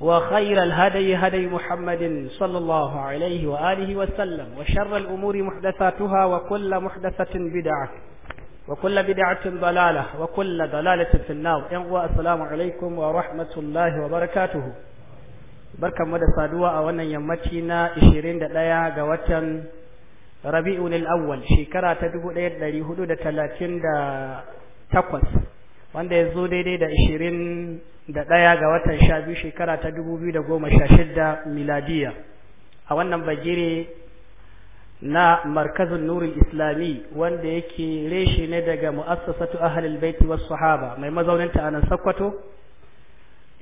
وخير الهدي هدي محمد صلى الله عليه وآله وسلم وشر الأمور محدثاتها وكل محدثة بدعة وكل بدعة ضلالة وكل ضلالة في النار ينقوى السلام عليكم ورحمة الله وبركاته بركة مدى صادوة وانا يمتنا إشيرين دلايا قوة ربيع الأول شكرا تدبو ليد لليهود دا تلاتين دا تقوس وانا يزودي دا إشيرين da ɗaya ga watan sha biyu shekara ta dubu biyu da goma sha shidda miladiya a wannan bagire na markazin nurin islami wanda yake reshe ne daga mu'assasatu ahlul baiti was sahaba mai mazauninta a nan sakkwato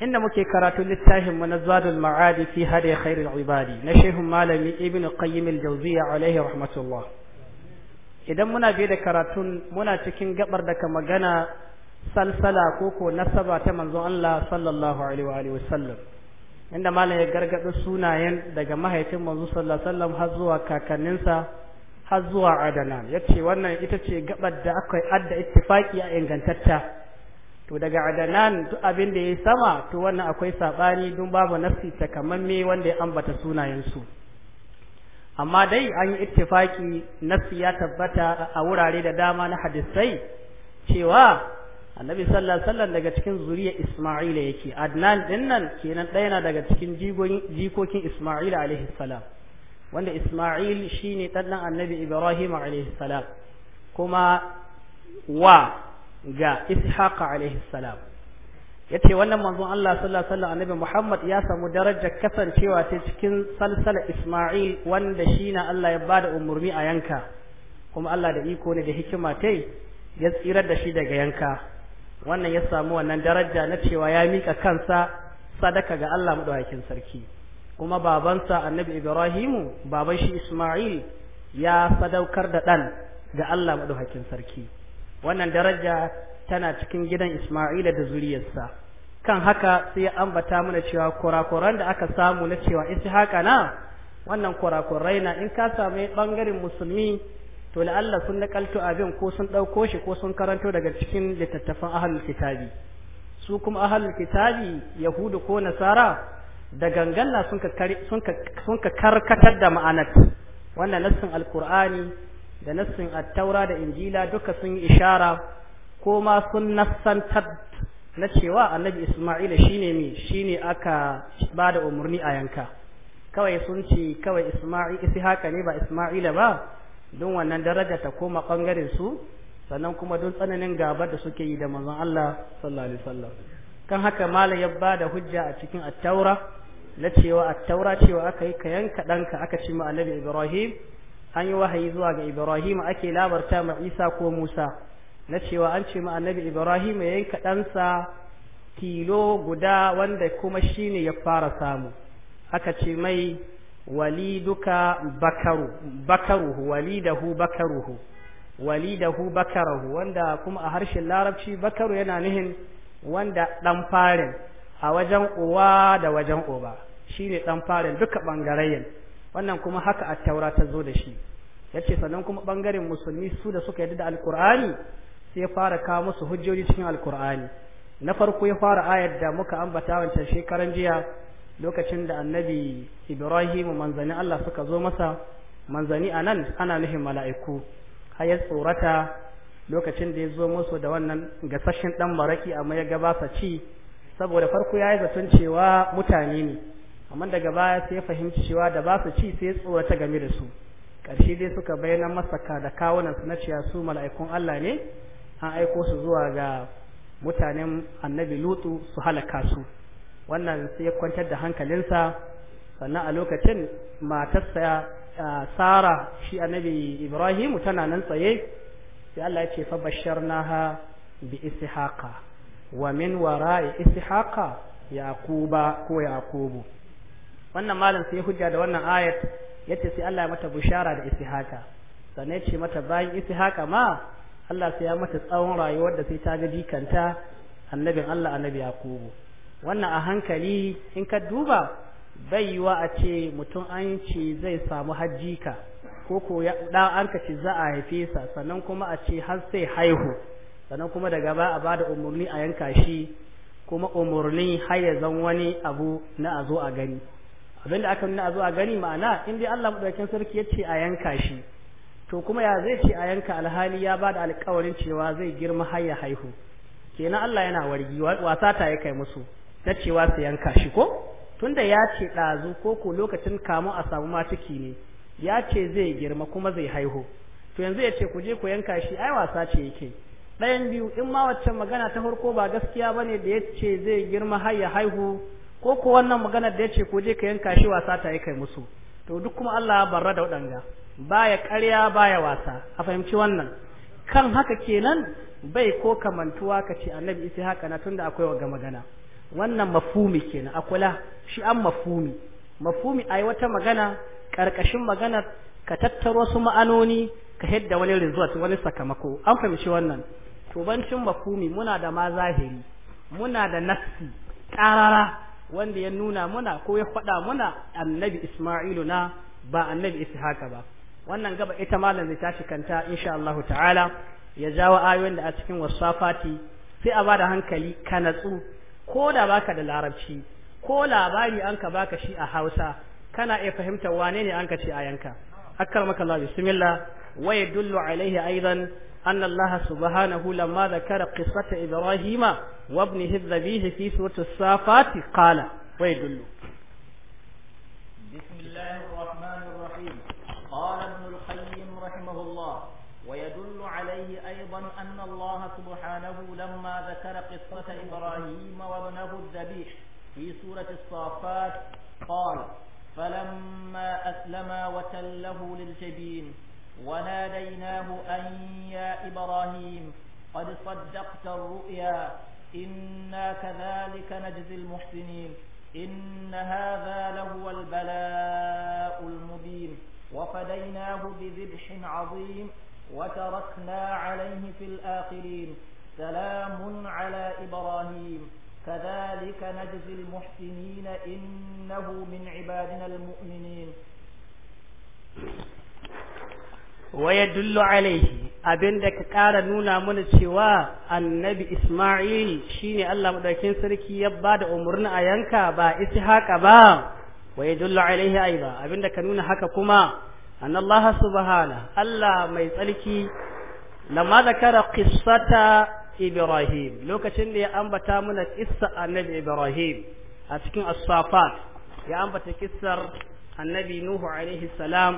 inda muke karatu littafin mu na zadul ma'adi fi hadi khairul ibadi na shehun malami ibnu qayyim al jawziya alaihi rahmatullah idan muna bi da karatun muna cikin gabar da magana salsala ko ko nasaba ta manzon Allah sallallahu alaihi wa alihi inda malam ya gargada sunayen daga mahaifin manzo sallallahu alaihi wasallam har zuwa kakanninsa har zuwa adana yace wannan ita ce gabar da akwai adda ittifaki a ingantatta to daga adanan duk abin da yi sama to wannan akwai sabani dun babu nafsi takamamme wanda ya ambata sunayensu. amma dai an yi ittifaki nafsi ya tabbata a wurare da dama na hadisai cewa annabi sallallahu alaihi wasallam daga cikin zuriyar Isma'ila yake Adnan dinnan kenan ɗaya na daga cikin jikokin Isma'ila alaihi salam wanda Isma'il shine dan annabi Ibrahim alaihi salam kuma wa ga Ishaq alaihi salam yace wannan manzon Allah sallallahu alaihi wasallam annabi Muhammad ya samu darajar kasancewa ta cikin salsala Isma'il wanda shine Allah ya bada umurni a yanka kuma Allah da iko ne da hikima tai ya tsirar da shi daga yanka wannan ya samu wannan daraja na cewa ya mika kansa sadaka ga Allah madaukakin sarki kuma babansa annabi Ibrahimu baban shi Isma'il ya sadaukar da dan ga Allah madaukakin sarki wannan daraja tana cikin gidan Isma'ila da zuriyarsa kan haka sai ya ambata mana cewa kurakuran da aka samu na cewa Ishaqa na wannan kurakurai na in ka samu bangaren musulmi to la'alla sun nakalto abin ko sun ɗauko shi ko sun karanto daga cikin littattafan ahalul kitabi su kuma ahalul kitabi yahudu ko nasara da ganganna sun ka karkatar da ma'anar wannan nassin alkur'ani da nassin attaura da injila duka sun yi ishara ko ma sun nassantar na cewa annabi isma'ila shine mi shine aka ba da umarni a yanka kawai sun ce kawai isma'il isi haka ne ba isma'ila ba don wannan daraja ta koma bangaren su sannan kuma don tsananin gaba da suke yi da manzon Allah sallallahu alaihi wasallam kan haka malam ya bada hujja a cikin Attaura taura na cewa at cewa aka yi kayan ɗanka aka ce ma annabi Ibrahim an yi wahayi zuwa ga Ibrahim ake labarta ma Isa ko Musa na cewa an ce ma annabi Ibrahim ya yanka ɗansa kilo guda wanda kuma shine ya fara samu aka ce mai waliduka bakaru bakaruhu walidahu bakaruhu walidahu bakarahu wanda kuma a harshen larabci bakaru yana nihin wanda dan farin a wajen uwa da wajen uba shine dan farin duka bangarayen wannan kuma haka a taura ta zo da shi yace sannan kuma bangaren musulmi su da suka yadda da alqur'ani sai fara kawo musu hujjoji cikin alqur'ani na farko ya fara ayar da muka ambata wancan shekaran jiya lokacin da annabi ibrahim manzani Allah suka zo masa manzani a nan ana nufin mala'iku har tsorata lokacin da ya zo musu da wannan gasashen ɗan maraki amma ya sa ci saboda farko ya yi zaton cewa mutane ne amma daga baya sai ya fahimci cewa da ba su ci sai tsorata game da su ƙarshe dai suka bayyana masa ka da kawunan su na cewa su mala'ikun Allah ne an aiko su zuwa ga mutanen annabi lutu su halaka su wannan sai ya kwantar da hankalinsa sannan a lokacin matarsa Sara shi annabi Ibrahim tana nan tsaye sai Allah ya ce fa ha bi ishaqa wa min wara'i ishaqa yaquba ko yaqubu wannan malam sai hujja da wannan ayat yace sai Allah ya mata bushara da ishaqa sannan ya ce mata bayan ishaqa ma Allah sai ya mata tsawon rayuwar da sai ta ga jikanta annabin Allah annabi Yakubu. wannan a hankali in ka duba bai yi wa a ce mutum an ce zai samu hajji ka ko ko da an ka ce za a haife sa sannan kuma a ce har sai haihu sannan kuma daga ba a bada umarni a yanka shi kuma umarni har zan wani abu na a zo a gani abinda aka nuna a zo a gani ma'ana in dai Allah madaukakin sarki ya ce a yanka shi to kuma ya zai ce a yanka alhali ya bada alƙawarin cewa zai girma har ya haihu kenan Allah yana wargi wasa ta ya kai musu na cewa su yanka shi ko tunda ya ce ɗazu ko ko lokacin kamu a samu matuki ne ya ce zai girma kuma zai haihu to yanzu ya ce ku je ku yanka shi ai wasa ce yake ɗayan biyu in ma waccan magana ta farko ba gaskiya ba ne da ya ce zai girma har ya haihu ko ko wannan magana da ya ce ku je ka yanka shi wasa ta yi kai musu to duk kuma Allah ya barra da waɗanga baya ƙarya baya wasa a fahimci wannan kan haka kenan bai ko kamantuwa ka ce annabi isa haka na tunda akwai waga magana wannan mafumi kenan akula shi an mafumi mafumi ai wata magana karkashin magana ka tattaro su ma'anoni ka hidda wani result wani sakamako an fahimci wannan to bancin mafumi muna da ma zahiri muna da nafsi karara wanda ya nuna muna ko ya faɗa muna annabi Isma'ilu na ba annabi Ishaq ba wannan gaba ita malam zai tashi kanta insha Allah ta'ala ya jawo ayoyin da a cikin wasafati sai a bada hankali ka natsu ko da baka da larabci ko labari an ka baka shi a hausa kana iya fahimtar wane ne an ka ce a yanka akkar maka Allah bismillah wa yadullu alayhi aidan anna Allah subhanahu lamma dhakara qissata ibrahima wa ibnihi dhabih fi surati safat qala wa yadullu أيضا أن الله سبحانه لما ذكر قصة إبراهيم وابنه الذبيح في سورة الصافات قال فلما أسلما وتله للجبين وناديناه أن يا إبراهيم قد صدقت الرؤيا إنا كذلك نجزي المحسنين إن هذا لهو البلاء المبين وفديناه بذبح عظيم وتركنا عليه في الآخرين سلام على إبراهيم كذلك نجزي المحسنين إنه من عبادنا المؤمنين ويدل عليه abin da ka ƙara nuna mana cewa annabi Ismail shine Allah madaukakin sarki ya bada umarni a yanka ba ishaqa ba wa dullo alaihi aiba abin da ka nuna haka kuma أن الله سبحانه ألا ما يسألكي لما ذكر قصة إبراهيم لو كتن لي أنبتا من قصة النبي إبراهيم أتكين الصافات يا أنبتا كسر النبي نوح عليه السلام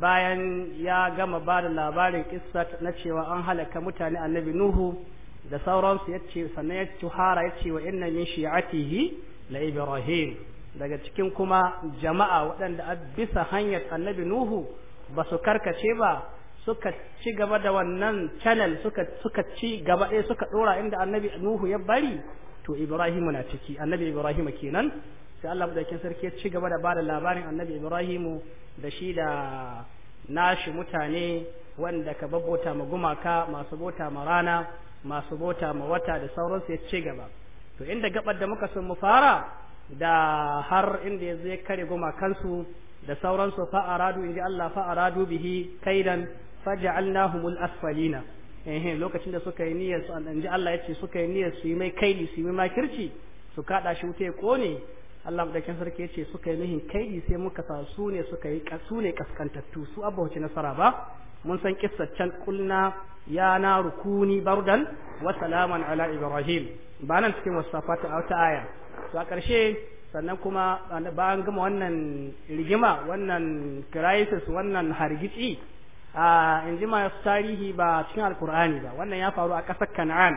bayan ya gama ba da labarin kissa na cewa an halaka mutane annabi Nuhu da sauransu ya ce sannan ya tuhara ya ce wa inna min shi'atihi la Ibrahim daga cikin kuma jama'a waɗanda bisa hanyar annabi nuhu ba su karkace ba suka ci gaba da wannan channel suka suka ci gaba ɗaya suka ɗora inda annabi nuhu ya bari to ibrahimu na ciki annabi ibrahimu kenan sai Allah madaukakin sarki ya ci gaba da bada labarin annabi ibrahimu da shi da nashi mutane wanda ka babbota ma gumaka masu bota ma rana masu bota ma wata da sauransu ya ci gaba to inda gabar da muka sun mu fara da har inda ya zai kare gumakansu da sauransu fa'aradu ji Allah fa'aradu bihi kaidan faja'alnahumul asfalina eh lokacin da suka yi niyyar su an Allah yace suka yi niyyar su yi mai kaidi su yi mai makirci su kada shi wuta ya ƙone. Allah madakin sarki yace suka yi nihin kaidi sai muka sa su ne suka yi ne kaskantattu su abba wace nasara ba mun san kissar can kulna ya na rukuni bardan wa salaman ala ibrahim ba nan cikin wasafata ta aya to a ƙarshe sannan kuma bayan gama wannan rigima wannan crisis wannan hargitsi a in ji masu tarihi ba cikin alkur'ani ba wannan ya faru a ƙasar kan'an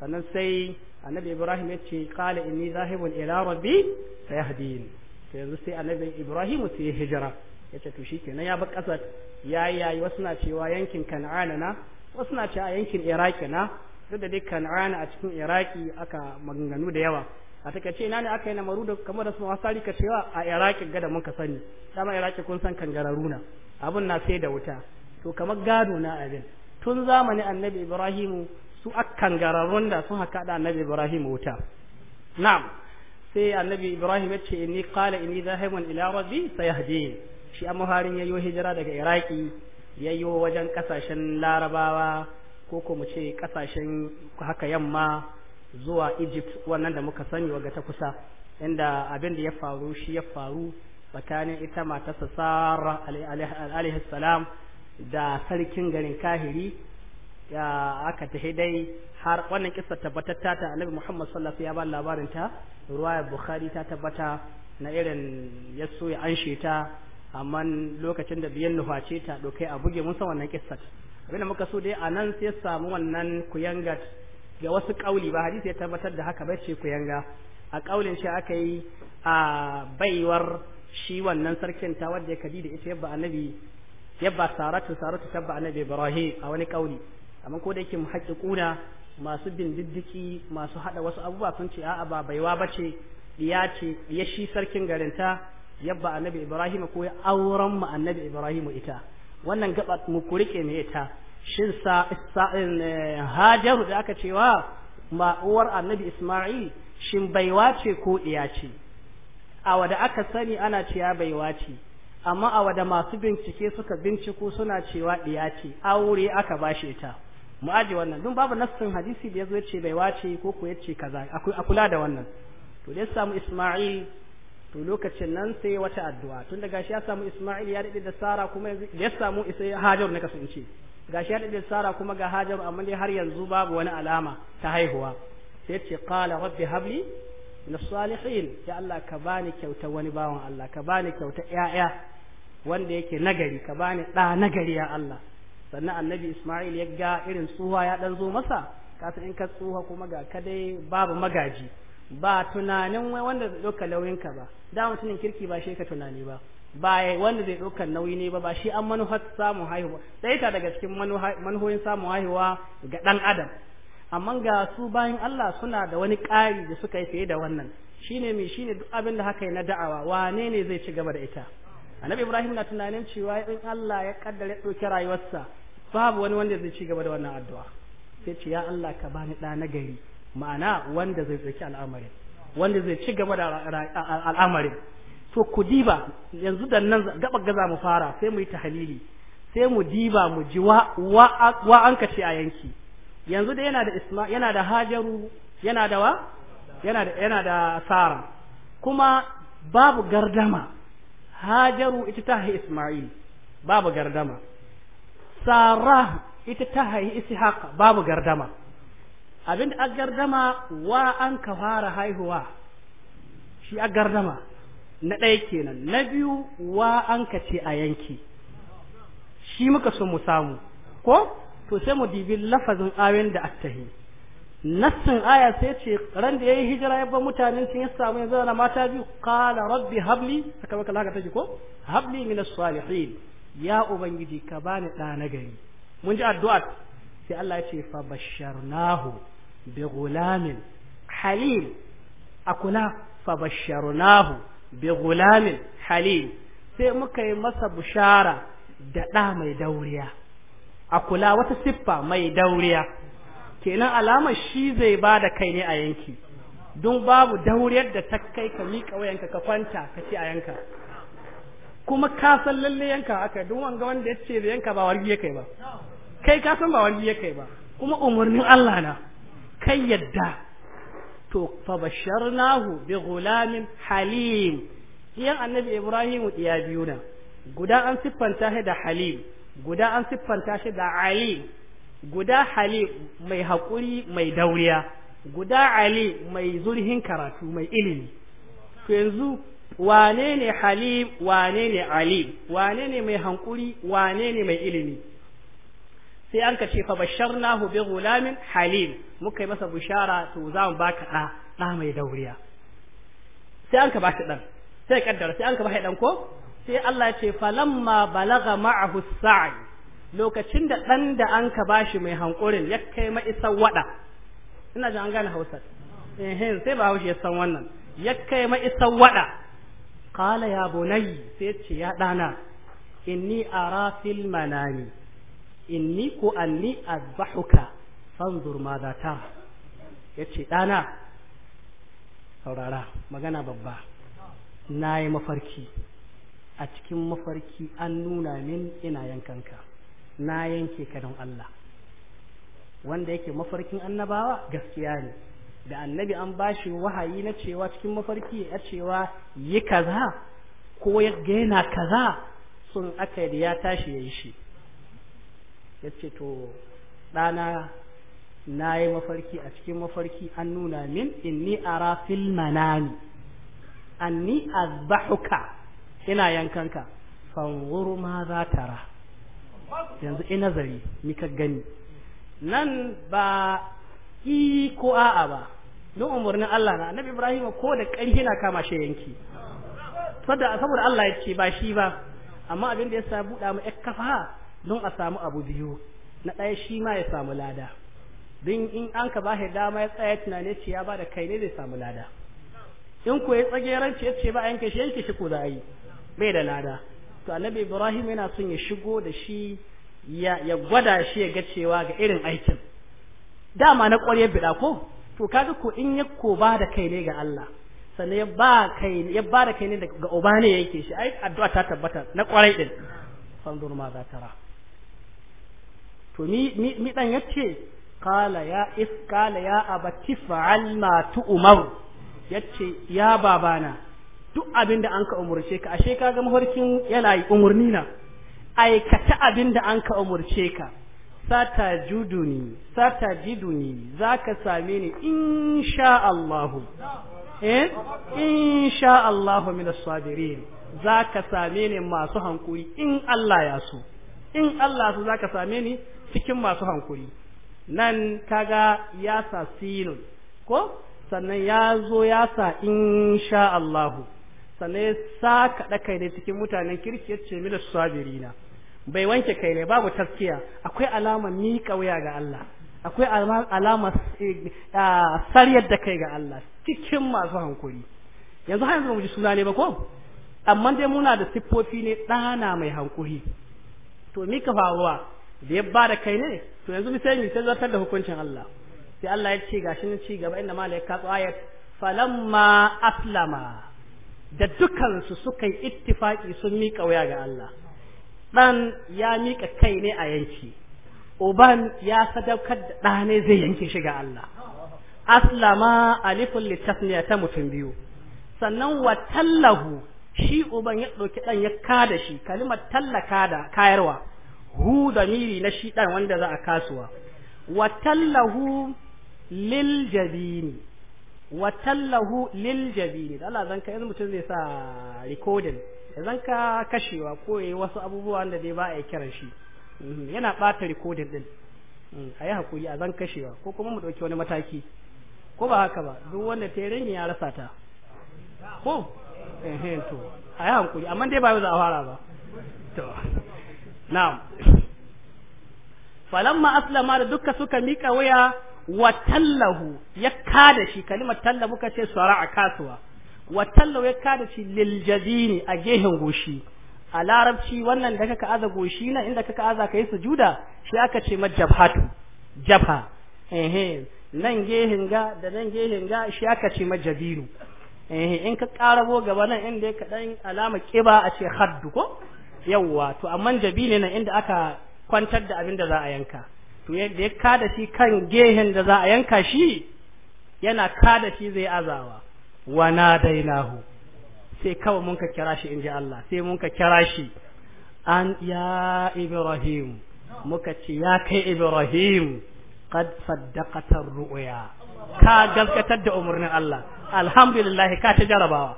sannan sai annabi ibrahim ya ce qala inni zahibun ila rabbi sayahdin to yanzu sai annabi ibrahim su yi hijira ya ce to shi shikenan ya bar ƙasar ya yayi wasu na cewa yankin kan'ana na wasu na cewa yankin iraki na duk da dai kan'ana a cikin iraki aka maganganu da yawa a take ce ina ne aka yi namaru da kamar da su wasari ka cewa a iraki gada muka sani dama iraki kun san kangararuna abun na sai da wuta to kamar gado na abin tun zamani annabi ibrahimu su akan da sun haka da annabi ibrahim wuta na'am sai annabi ibrahim ya ce inni qala inni zahibun ila rabbi sayahdin shi amma harin yayyo hijira daga iraki yayyo wajen kasashen larabawa ko ko mu ce kasashen haka yamma zuwa Egypt wannan da muka sani waga ta kusa inda abin da ya faru shi ya faru tsakanin ita matarsa Sara alaihi salam da sarkin garin kahiri ya aka tahi dai har wannan kissa tabbatatta ta Annabi Muhammad sallallahu alaihi wasallam ya ba labarin ta ruwaya Bukhari ta tabbata na irin yaso ya anshe ta amma lokacin da biyan nuface ta dokai a buge mun san wannan kissa abinda muka so dai anan sai samu wannan kuyangat Ga wasu kauli ba hadisi ya tabbatar da haka ce ku yanga a kaulin shi aka yi a baiwar shi wannan sarkin ta wadda ya kadi da ita yabba annabi yabba saratu saratu tabba annabi ibrahim a wani kauli amma ko da yake muhaqqiquna masu bin diddiki masu hada wasu abubuwa sun ce a'a ba baiwa bace ya ce ya shi sarkin garinta yabba annabi ibrahim ko ya auren mu annabi ibrahim ita wannan gaba mu kurike ne ita shin sa'in eh, hajaru da aka cewa ma uwar annabi isma'il shin baiwa ce ko iya ce a wada aka sani ana cewa baiwa ce amma a wada masu bincike suka binciko suna cewa iya ce aure aka bashi ta. mu aje wannan don babu nassin hadisi da yazo yace baiwa ce ko ko yace kaza a kula da wannan to dai samu isma'il to lokacin nan sai wata addu'a tun daga shi ya samu isma'il ya dade da sara kuma ya samu Isma'i, hajar na kasance ga ya da sara kuma ga hajar amma dai har yanzu babu wani alama ta haihuwa sai ce qala rabbi habli min salihin ya Allah ka bani kyauta wani bawan Allah ka bani kyauta 'ya'ya wanda yake nagari ka bani da nagari ya Allah sannan annabi Isma'il ya ga irin tsuha ya dan zo masa san in ka tsuha kuma ga ka dai babu magaji ba tunanin wanda zai dauka lauyinka ba da mutumin kirki ba shi ka tunani ba ba wanda zai ɗaukar nauyi ne ba ba shi an manuhar samun haihuwa sai ta daga cikin manufoyin samun haihuwa ga ɗan adam amma ga su bayan Allah suna da wani ƙari da suka yi fiye da wannan shine mai shine duk abin da haka yi na da'awa wane ne zai ci gaba da ita annabi ibrahim na tunanin cewa in Allah ya kaddara ɗauki rayuwarsa babu wani wanda zai ci gaba da wannan addu'a sai ce ya Allah ka bani ɗa na gari ma'ana wanda zai tsaki al'amarin wanda zai ci gaba da al'amarin to ku diba yanzu da nan gaba gaza mu fara sai mu yi halili sai mu diba mu ji wa wa an kace a yanki yanzu da yana da isma yana da hajaru yana da wa yana da yana da sara kuma babu gardama hajaru ita ta haihi isma'il babu gardama sara ita ta haihi ishaq babu gardama abin a gardama wa an ka fara haihuwa shi a gardama na ɗaya kenan na biyu wa an ka ce a yanki shi muka so mu samu ko to sai mu dibi lafazin ayoyin da attahi nassin aya sai ce ran da yayi hijira ya ba mutanen sun ya samu ya zana mata biyu qala rabbi habli haka maka laka taji ko habli min as-salihin ya ubangiji ka bani da na gari mun ji addu'a sai Allah ya ce fa basharnahu bi ghulamin halil akula fa basharnahu bi gulamin sai muka yi masa bushara da ɗa mai dauriya a kula wata siffa mai dauriya kenan alamar shi zai ba da kai ne a yanki don babu dauriyar da ta kai ka miƙa wayanka ka kwanta ka ci a yanka kuma ka san lalle yanka aka don wanga wanda ya ce yanka ba wargi ya kai ba kai ka san ba wargi ya kai ba kuma umarnin Allah na kai yadda to fa basharnahu bi gulamin halim yan annabi Ibrahimu ya biyu na guda an siffanta shi da halim guda an siffanta shi da ali guda Hali mai haƙuri mai dauriya guda ali mai zurhin karatu mai ilimi to yanzu wane ne halim wane ne ali wane ne mai haƙuri wane ne mai ilimi sai an ka ce fa bashar basharnahu bi gulamin halim muka yi masa bushara to za mu baka da ɗa mai dauriya sai an ka ba shi dan sai kaddara sai an ka ba shi dan ko sai Allah ce fa lamma balaga ma'ahu sa'i lokacin da dan da an ka ba shi mai hankurin ya kai ma isa wada ina jin an gane Hausa sai ba Hausa ya san wannan ya kai ma isa wada qala ya bunayya sai ce ya dana inni ara fil manami inni ko anni azbahuka fanzur ma za ta yace dana saurara magana babba nayi mafarki a cikin mafarki an nuna min ina yankanka na yanke ka don Allah wanda yake mafarkin annabawa gaskiya ne da annabi an bashi wahayi na cewa cikin mafarki ya cewa yi kaza ko ya gaina kaza sun aka ya tashi ya yi shi ya ce to ɗana na yi mafarki a cikin mafarki an nuna min inni ara fil manami anni azbahuka ina yankanka fanzur ma za tara yanzu ina nazari ni gani nan ba i ko a'a ba don umarnin Allah na annabi Ibrahim ko da ƙarfi na kama shi yanki saboda Allah ya ce ba shi ba amma abin da ya sa buɗa mu ƴar kafa don a samu abu biyu na ɗaya shi ma ya samu lada don in an ka dama ya tsaya tunane ce ya ba da kai ne zai samu lada in ko ya tsageran ce ce ba a yanke shi yanke shi ko za a yi bai da lada to annabi ibrahim yana son ya shigo da shi ya gwada shi ya ga cewa ga irin aikin dama na ƙwarya biɗa ko to kaga ko in ya ko ba da kai ne ga Allah sannan ya ba kai ya ba da kai ne ga uba ne yake shi ai addu'a ta tabbata na ƙwarai din fanzur ma za ta ra to ni mi dan yace qala ya is qala ya abati fa'al ma tu'mar yace ya babana duk abinda an ka umurce ka ashe kaga mafarkin yana yi umurni na aikata abinda an ka umurce ka sata juduni sata jiduni ka same ni insha Allah eh insha Allah min as-sabirin zaka same ni masu hankuri in Allah ya so in Allah so zaka same ni cikin masu hankuri nan kaga ya sa sinun ko sannan ya zo ya sa insha Allahu sannan ya sa kaɗa kai ne cikin mutanen kirki ya ce mila sabirina bai wanke kai ne babu taskiya akwai alama miƙa wuya ga Allah akwai alama eh, sariyar da kai ga Allah cikin masu hankuri yanzu hanyar yanzu ba suna ne ba ko amma dai muna da siffofi ne ɗana mai hankuri to mika faruwa da ya ba da kai ne to yanzu sai mi sai zartar da hukuncin Allah sai Allah ya ce gashi nan ci gaba inda malai ka ayat falamma aslama da dukansu suka yi ittifaki sun mika wuya ga Allah dan ya mika kai ne a yanki uban ya sadaukar da da ne zai yanke shi ga Allah aslama alifun litasniya ta mutum biyu sannan wa tallahu shi uban ya ɗauki ɗan ya kada shi kalimar tallaka da kayarwa hu zamiri na shi dan wanda za a kasuwa wa tallahu lil jabini wa tallahu lil jabini da Allah zanka yanzu mutum zai sa recording zanka kashewa ko yayi wasu abubuwa da dai ba a kiran shi mhm, yana bata recording din mhm, a yi hakuri a zan kashewa ko kuma mu ɗauki wani mataki ko ba haka ba duk wanda ta yi ya rasa ta ko to a yi hankuri amma dai ba yau za a fara ba to na'am falamma aslama da duka suka mika waya wa tallahu ya kada shi kalimar talla muka ce sara a kasuwa wa tallahu ya kada shi lil a gehen goshi a larabci wannan da kaka aza goshi na inda kaka aza kai juda shi aka ce jabhatu jabha ehe nan gehen ga da nan gehen ga shi aka ce jabiru. eh in ka karabo gaba nan inda ka dan alama kiba a ce haddu ko yawwa to amma jabi ne na inda aka kwantar da abin da za a yanka to yadda ya kada shi kan gehen da za a yanka shi yana kada shi zai azawa wa nadainahu sai kawai mun ka kira shi inji Allah sai mun ka kira shi an ya Ibrahim muka ci ya kai Ibrahim qad saddaqata ru'ya ka gaskatar da umarnin Allah alhamdulillah ka ta jarabawa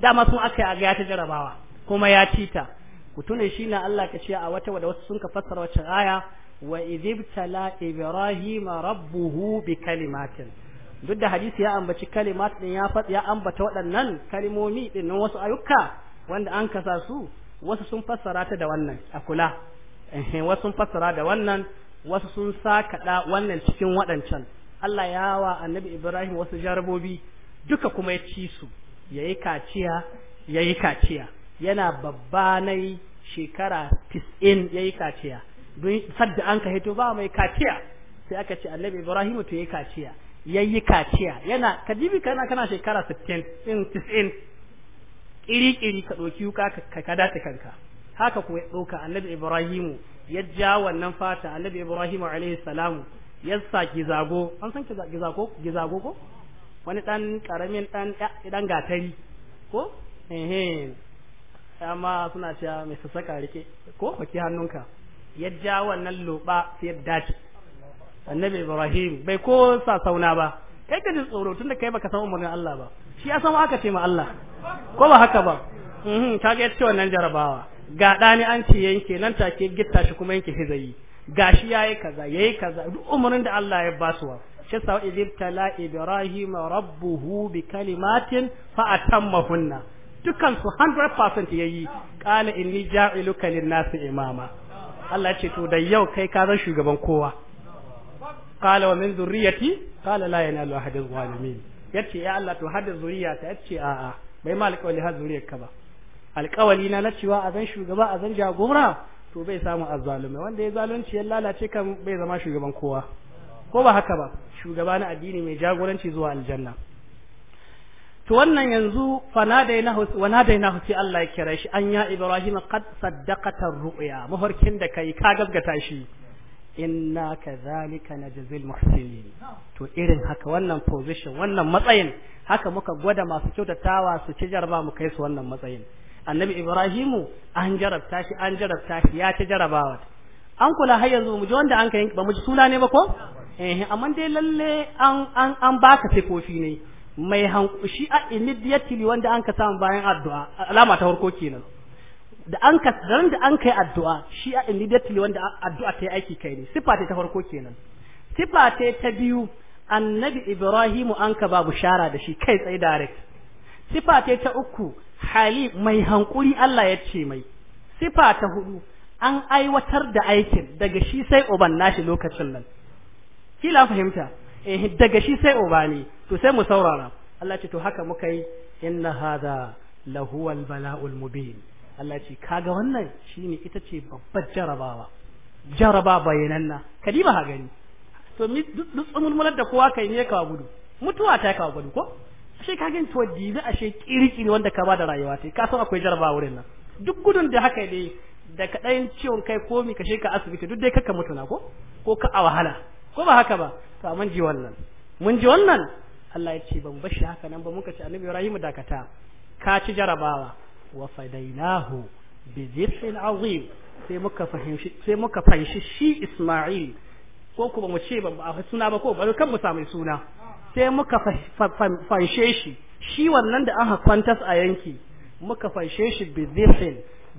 dama sun aka yi a ga ya ta jarabawa kuma ya cita ku tune shi na Allah ka ce a wata wadda wasu sun ka fassara wacce aya wa idibtala ibrahima rabbuhu bi kalimatin duk da hadisi ya ambaci kalimat din ya ya ambata waɗannan kalimomi din wasu ayyuka wanda an kasa su wasu sun fassara ta da wannan a kula eh wasu sun fassara da wannan wasu sun sakaɗa wannan cikin waɗancan Allah ya wa annabi Ibrahim wasu jarabobi duka kuma ya ci su yayi kaciya yayi kaciya yana babba shekara shekara 90 yi kaciya don sadda an ka hito ba mai kaciya sai aka ce annabi ibrahim to yi kaciya ya yi kaciya yana kadibi kana kana shekara sittin in 90 kiri-kiri ka ɗauki wuka ka dace kanka haka kuma ya ɗauka annabi ibrahimu ya ja wannan fata annabi ibrahimu alaihi salamu ya sa gizago an san gizago gizago ko wani ɗan ƙaramin ɗan ɗan gatari ko amma suna cewa mai sassaka rike ko faki hannunka ya ja wannan loba sai ya dace annabi ibrahim bai ko sa sauna ba kai ka ji tsoro tunda kai baka san umarnin Allah ba shi ya san aka ce ma Allah ko ba haka ba mhm ta ga yace wannan jarabawa ga dani an ce yanke nan take gitta shi kuma yanke hizayi gashi yayi kaza yayi kaza duk umarnin da Allah ya basuwa shi sa idibtala ibrahim rabbuhu bi kalimatin fa atammahunna dukkan su 100% yayi qala inni ja'iluka lin-nasi imama Allah ce to da yau kai ka zan shugaban kowa qala wa min zurriyati qala la yanalu ahadu zalimin yace ya Allah to hada zuriya ta yace a a bai ma alƙawali hada zuriyar ka ba alƙawali na na cewa a zan shugaba a zan jagora to bai samu azzalumi wanda ya zalunci ya lalace kan bai zama shugaban kowa ko ba haka ba shugaba na addini mai jagoranci zuwa aljanna to wannan yanzu fanadainahu wa na sai Allah ya kira shi an ya ibrahim qad saddaqata ru'ya mafarkin da kai ka gaggata shi inna kadhalika najzil muhsinin to irin haka wannan position wannan matsayin haka muka gwada masu kyautatawa su ci jarba mu kai su wannan matsayin annabi ibrahimu an jarabta shi an jarabta shi ya ci jarabawa an kula har yanzu mu ji wanda an kai ba mu ji suna ne ba ko eh amma dai lalle an an an baka sifofi ne mai hanku shi a immediately wanda an ka samu bayan addu'a alama ta farko kenan da an ka da an kai addu'a shi a immediately wanda addu'a ta yi aiki kai ne sifa ta farko kenan sifa ta ta biyu annabi ibrahim an ka ba shara da shi kai tsaye direct sifa ta ta uku hali mai hankuri Allah ya ce mai sifa ta hudu an aiwatar da aikin daga shi sai uban nashi lokacin nan kila fahimta eh daga shi sai ubani to sai mu saurara Allah ce to haka muka yi inna hadha lahuwal bala'ul mubin Allah ce kaga wannan shine ita ce babbar jarabawa jaraba bayananna kadi ba gani to duk tsumulmular da kowa kai ne ka gudu mutuwa ta ka gudu ko ashe ka gani to dibi ashe kirkiri wanda ka bada rayuwa ta ka san akwai jaraba wurin nan duk gudun da haka dai da kaɗayin ciwon kai komi kashe ka asibiti duk dai kakka mutuna ko ko ka a wahala ko ba haka ba to mun ji wannan mun ji wannan Allah ya ce ban bashi haka nan ba muka ce annabi Ibrahim dakata ka ci jarabawa wa fadainahu bi dhibhin azim sai muka fahimci sai muka fahimci shi Isma'il ko kuma mu ce ba suna ba ko ba kan mu samu suna sai muka fanshe shi shi wannan da aka kwantas a yanki muka fanshe shi bi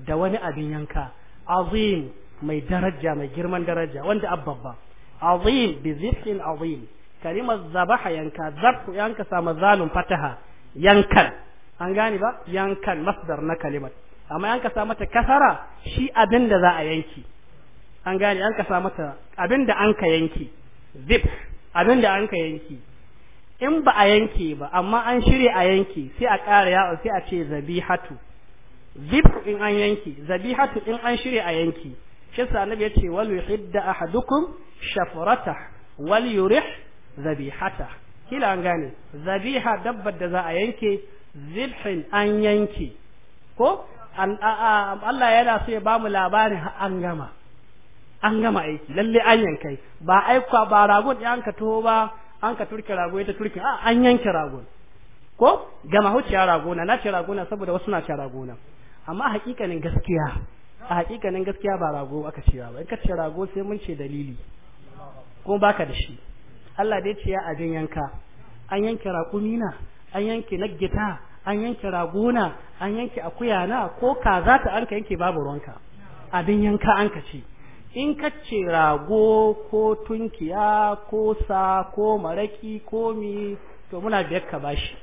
da wani abin yanka azim mai daraja mai girman daraja wanda abbabba azim bi zibhin azim kalimar zabaha yanka zabhu yanka sama zalun fataha yankan an gane ba yankan masdar na kalimar amma yanka sa mata kasara shi abin da za a yanki an gane yanka sa mata abin da an ka yanki zib abin da an ka yanki in ba a yanke ba amma an shirya a yanke sai a ƙara yawo sai a ce zabihatu zib in an yanke zabihatu in an shirya a yanke shi sa annabi ya ce wal yuhidda ahadukum shafratah wal yurih zabihatah kila an gane zabiha dabbar da za a yanke zibhin an yanke ko Allah yana so ya bamu labarin an gama an gama aiki lalle an yankai ba aikwa ba ragon ya an to ba an ka turke rago ita turke a an yanke ragon ko gama huciya ragona na ce ragona saboda wasu na ce ragona amma hakikanin gaskiya a hakikanin gaskiya ba rago aka ce ba in ka ce rago sai mun ce dalili Ko baka da shi Allah da ya ce ya abin yanka an yanke raƙumina, an yanke naggita an yanke ragona an yanke akuya na ko kaza ta an yanke babu ruwanka abin yanka an ka ce in ka ce rago ko tunkiya ko sa ko maraki ko mi to muna biyar ka bashi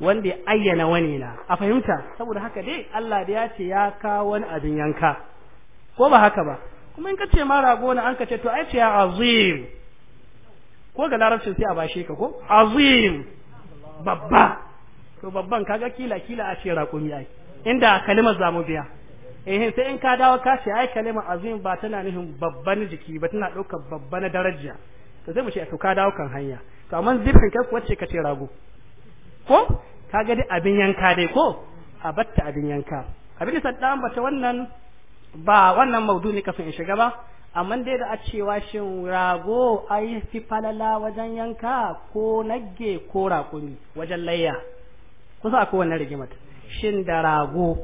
wanda ya ayyana wani na a fahimta saboda haka dai Allah da ya ce ya ka wani abin yanka ko ba haka ba kuma in ka ce ma rago na an ka ce to ai ce ya azim ko ga larabci sai a bashe ka ko azim babba to babban kaga kila kila a ce raƙumi ai inda kalimar zamu biya eh sai in ka dawo ka ce ai kalima azim ba tana nufin babban jiki ba tana ɗaukar babban daraja to sai mu ce to ka dawo kan hanya to amma zifin kai kuwa ce ka ce rago ko ka ga dai abin yanka dai ko a batta abin yanka abin da sadda bace wannan ba wannan maudu'i kafin in shiga ba amma dai da a cewa shin rago ai fi falala wajen yanka ko nagge ko raƙumi wajen layya kusa akwai wannan rigimar shin da rago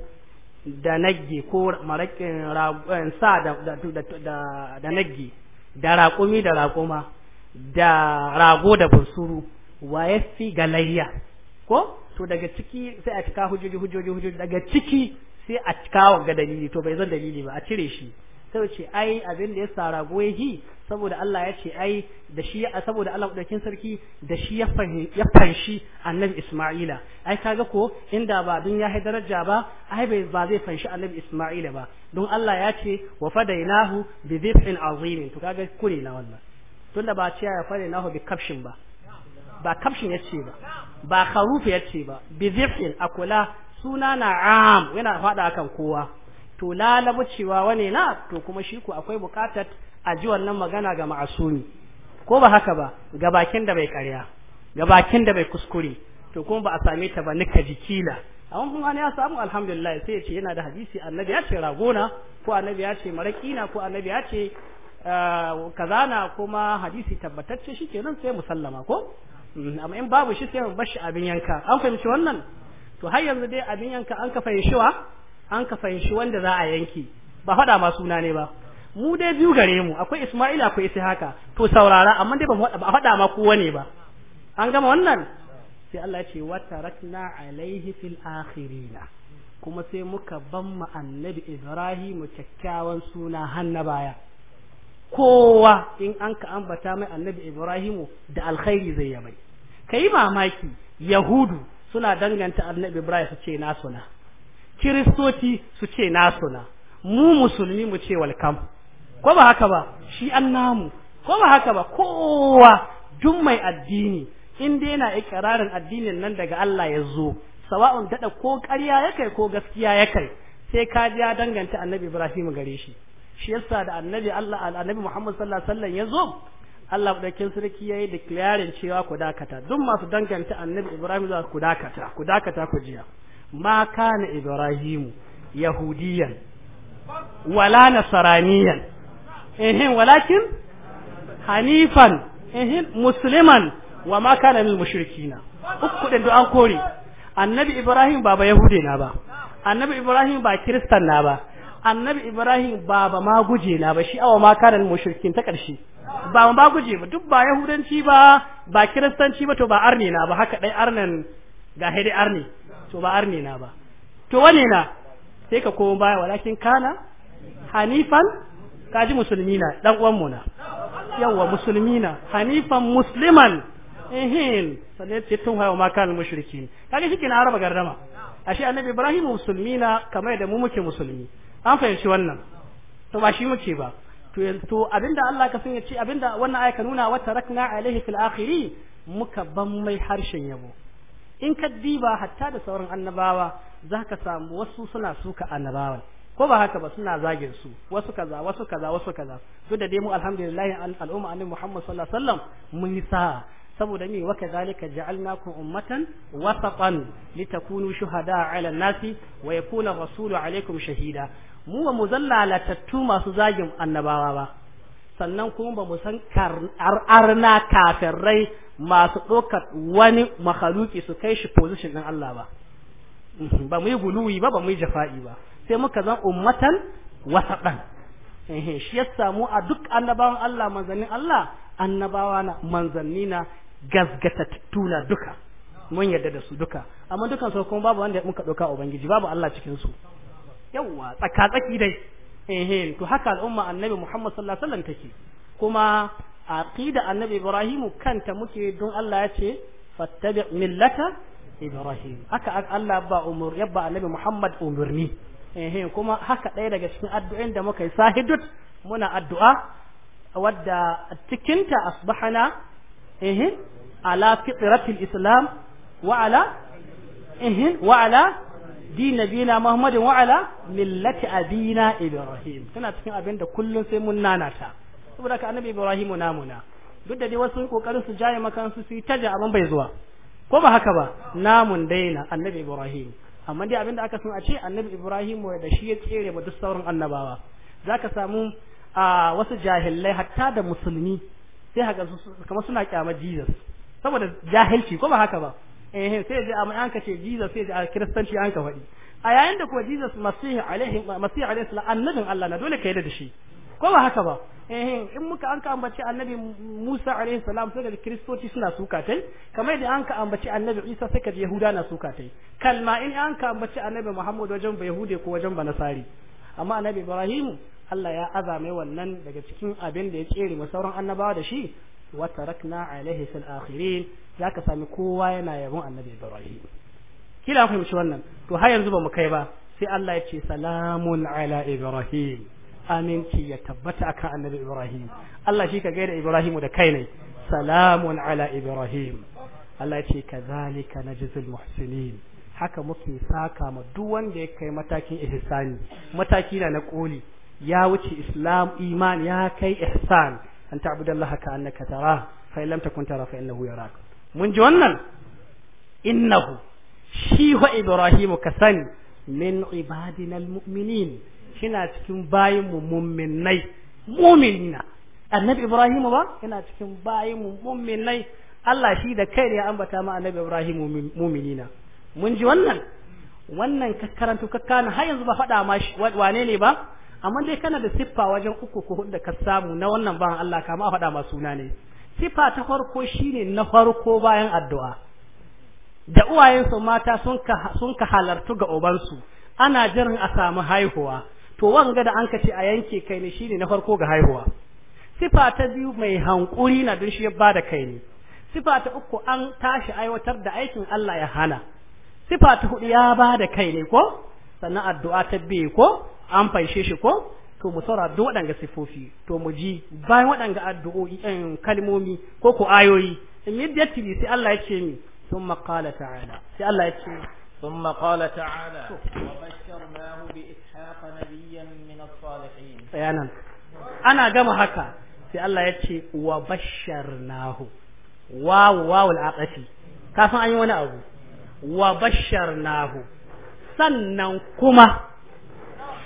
da nagge ko marakin eh, sa da da da da nagge da raƙumi da raƙuma da rago da bunsuru wa ya fi ga layya ko to daga ciki sai a cika hujjoji hujjoji hujjoji daga ciki sai a kawo ga dalili to bai zan dalili ba a cire shi sai ce ai abin da ya sara yahi saboda Allah ya ce ai da shi saboda Allah daukin sarki da shi ya ya fanshi annabi Isma'ila ai kaga ko inda ba dun ya hai daraja ba ai bai ba zai fanshi annabi Isma'ila ba don Allah ya ce wa fadainahu bi dhibhin azim to kaga kure na wannan tunda ba ce ya nahu bi kafshin ba ba kafshin yace ba ba ya yace ba bi dhibhin akula suna na am yana fada akan kowa to lalabu cewa wane na to kuma shi ku akwai bukatar a ji wannan magana ga ma'asumi ko ba haka ba ga bakin da bai karya ga bakin da bai kuskure to kuma ba a same ta ba nika jikila amma kuma wani ya samu alhamdulillah sai ya ce yana da hadisi annabi ya ce ragona ko annabi ya ce maraƙina ko annabi ya ce eh, kazana kuma hadisi tabbatacce kenan sai musallama ko mm, amma in babu shi sai mu bar shi abin yanka an fahimci wannan to har yanzu dai abin yanka an ka fahimci wa an ka fahimci wanda za a yanki ba faɗa ma suna ne ba mu dai biyu gare mu akwai isma'ila akwai haka. to saurara amma dai ba faɗa ma kowa ne ba an gama wannan sai Allah ce wa tarakna alaihi fil akhirin kuma sai muka ban annabi Ibrahim kyakkyawan suna hanna baya kowa in an ka ambata mai annabi ibrahim da alkhairi zai yabai kai mamaki yahudu suna danganta annabi ibrahim su ce nasu na kiristoci su ce nasu na mu musulmi mu ce welcome ko ba haka ba shi an namu ko ba haka ba kowa duk mai addini in dai yana ikrarin addinin nan daga Allah ya zo sawa'un dada ko ƙarya ya ko gaskiya ya sai ka ji ya danganta annabi Ibrahim gare shi shi yasa da annabi Allah annabi Muhammad sallallahu alaihi wasallam ya zo Allah dakin sarki yayi declaring cewa ku dakata duk masu danganta annabi Ibrahim za ku dakata ku dakata ku jiya ma kana Ibrahim yahudiyan wala nasraniyan ehin walakin hanifan ehin musliman wa ma kana min mushrikina uku da an kore annabi Ibrahim ba ba ba annabi Ibrahim ba kristan na ba annabi ibrahim ba ba ma guje na ba shi awa ma karan mushrikin ta karshe ba ma guje ba duk ba yahudanci ba ba kiristanci ba to ba arne na ba haka dai arnan ga hede arne to ba arne na ba to wane na sai ka koma baya walakin kana hanifan kaji musulmi na dan uwan mu na yawa musulmi na hanifan musliman ehin sanne ce tun hawa ma kana mushrikin kaga shi kin araba gardama ashe annabi ibrahim musulmi na kamar da mu muke musulmi an fahimci wannan to ba shi muke ba to to abinda Allah ka sun yace abinda wannan aya ka nuna wa tarakna alaihi fil akhiri muka ban mai harshen yabo in ka diba hatta da sauran annabawa zaka samu wasu suna suka annabawa ko ba haka ba suna zagin su wasu kaza wasu kaza wasu kaza duk da dai mu alhamdulillah al'umma annabi Muhammad sallallahu alaihi wasallam mun yi sa'a saboda me waka zalika ja'alnakum ummatan wasatan litakunu shuhada 'ala an-nasi wa yakuna rasulu 'alaykum shahida mu ba mu lalatattu masu zagin annabawa ba sannan kuma ba mu san arna kafirai masu ɗaukar wani makhaluki su kai shi position ɗin Allah ba mhm, ba mu yi guluwi ba ba mu yi jafa'i ba sai muka zan ummatan ɗan. shi ya samu a duk annabawan Allah manzannin Allah annabawa na manzanni na gazgatattu na duka mun yarda da su duka amma dukan su kuma babu wanda muka ɗauka ubangiji babu Allah cikin su yawa tsakatsaki dai ehe to haka al'umma annabi Muhammad sallallahu alaihi wasallam take kuma aqida annabi Ibrahim kanta muke don Allah ya ce fattabi millata Ibrahim haka Allah ba umur yabba annabi Muhammad umurni ehe kuma haka ɗaya daga cikin addu'o'in da muka yi sahidut muna addu'a wadda cikinta asbahana ehe ala fitratil islam wa ala ehe wa ala din nabina muhammadin wa ala millati abina ibrahim tana cikin abinda da kullun sai mun nanata saboda ka annabi ibrahimu namuna duk da dai wasu kokarin su jaye makan su su yi taja bai zuwa ko ba haka ba namun daina annabi ibrahim amma dai abin da aka san a ce annabi ibrahimu da shi ya tsere ba duk sauran annabawa zaka samu a wasu jahilai hatta da musulmi sai haka kamar suna kyamar jesus saboda jahilci ko ba haka ba eh sai da amma an ce Jesus sai da kiristanci an ka faɗi a yayin da kuwa Jesus Masihu alaihi Masihu alaihi salam annabin Allah na dole kai da shi ko ba haka ba eh in muka an ka ambaci annabi Musa alaihi salam sai da kiristoci suna suka tai kamar da an ka ambaci annabi Isa sai ka Yahuda na suka tai kalma in an ka ambaci annabi Muhammad wajen ba Yahude ko wajen ba Nasari amma annabi Ibrahim Allah ya azame wannan daga cikin abin da ya tsere masauran annabawa da shi wa tarakna alaihi fil akhirin zaka sami kowa yana yabon annabi ibrahim kila fahimci wannan to har yanzu mu kai ba sai Allah ya ce salamun ala ibrahim aminci ya tabbata akan annabi ibrahim Allah shi ka gaida ibrahim da kai ne salamun ala ibrahim Allah ya ce kazalika najzil muhsinin haka muke saka ma duk wanda ya kai matakin ihsani mataki na na koli ya wuce islam iman ya kai ihsan an ta'budu Allah ka annaka tara fa in lam takun tara fa innahu yarak mun ji wannan innahu shi wa ibrahimu ka kasani min ibadina almu'minin shina cikin bayin mu mu'minai mu'minina annabi ibrahimu ba yana cikin bayin mu mu'minai Allah shi da kai ne ya ambata ma annabi ibrahimu mu'minina mun ji wannan wannan ka karanto ka kana har yanzu ba faɗa ma wane ne ba amma dai kana da siffa wajen uku ko hudu da ka samu na wannan bayan Allah kama a faɗa ma suna ne siffa ta farko shine na farko bayan addu'a da uwayensu mata sun ka halartu ga ubansu ana jiran a samu haihuwa to wanga da an ka ce a yanke kai ne shine na farko ga haihuwa sifa ta biyu mai hankuri na don shi ya bada kai ne sifa ta uku an tashi aiwatar da aikin Allah ya hana sifa ta hudu ya bada kai ne ko sannan addu'a ta biyu ko an fanshe shi ko to mu saura duk waɗanga sifofi to mu ji bayan waɗanga addu'o'i kalmomi ko ko ayoyi immediately sai Allah ya ce mi thumma qala ta'ala sai Allah ya ce thumma qala ta'ala wa bashar basharnahu bi ishaqa nabiyyan min as-salihin bayanan ana gama haka sai Allah ya ce wa bashar na basharnahu wawu wawul aqati kafin an yi wani abu wa bashar na basharnahu sannan kuma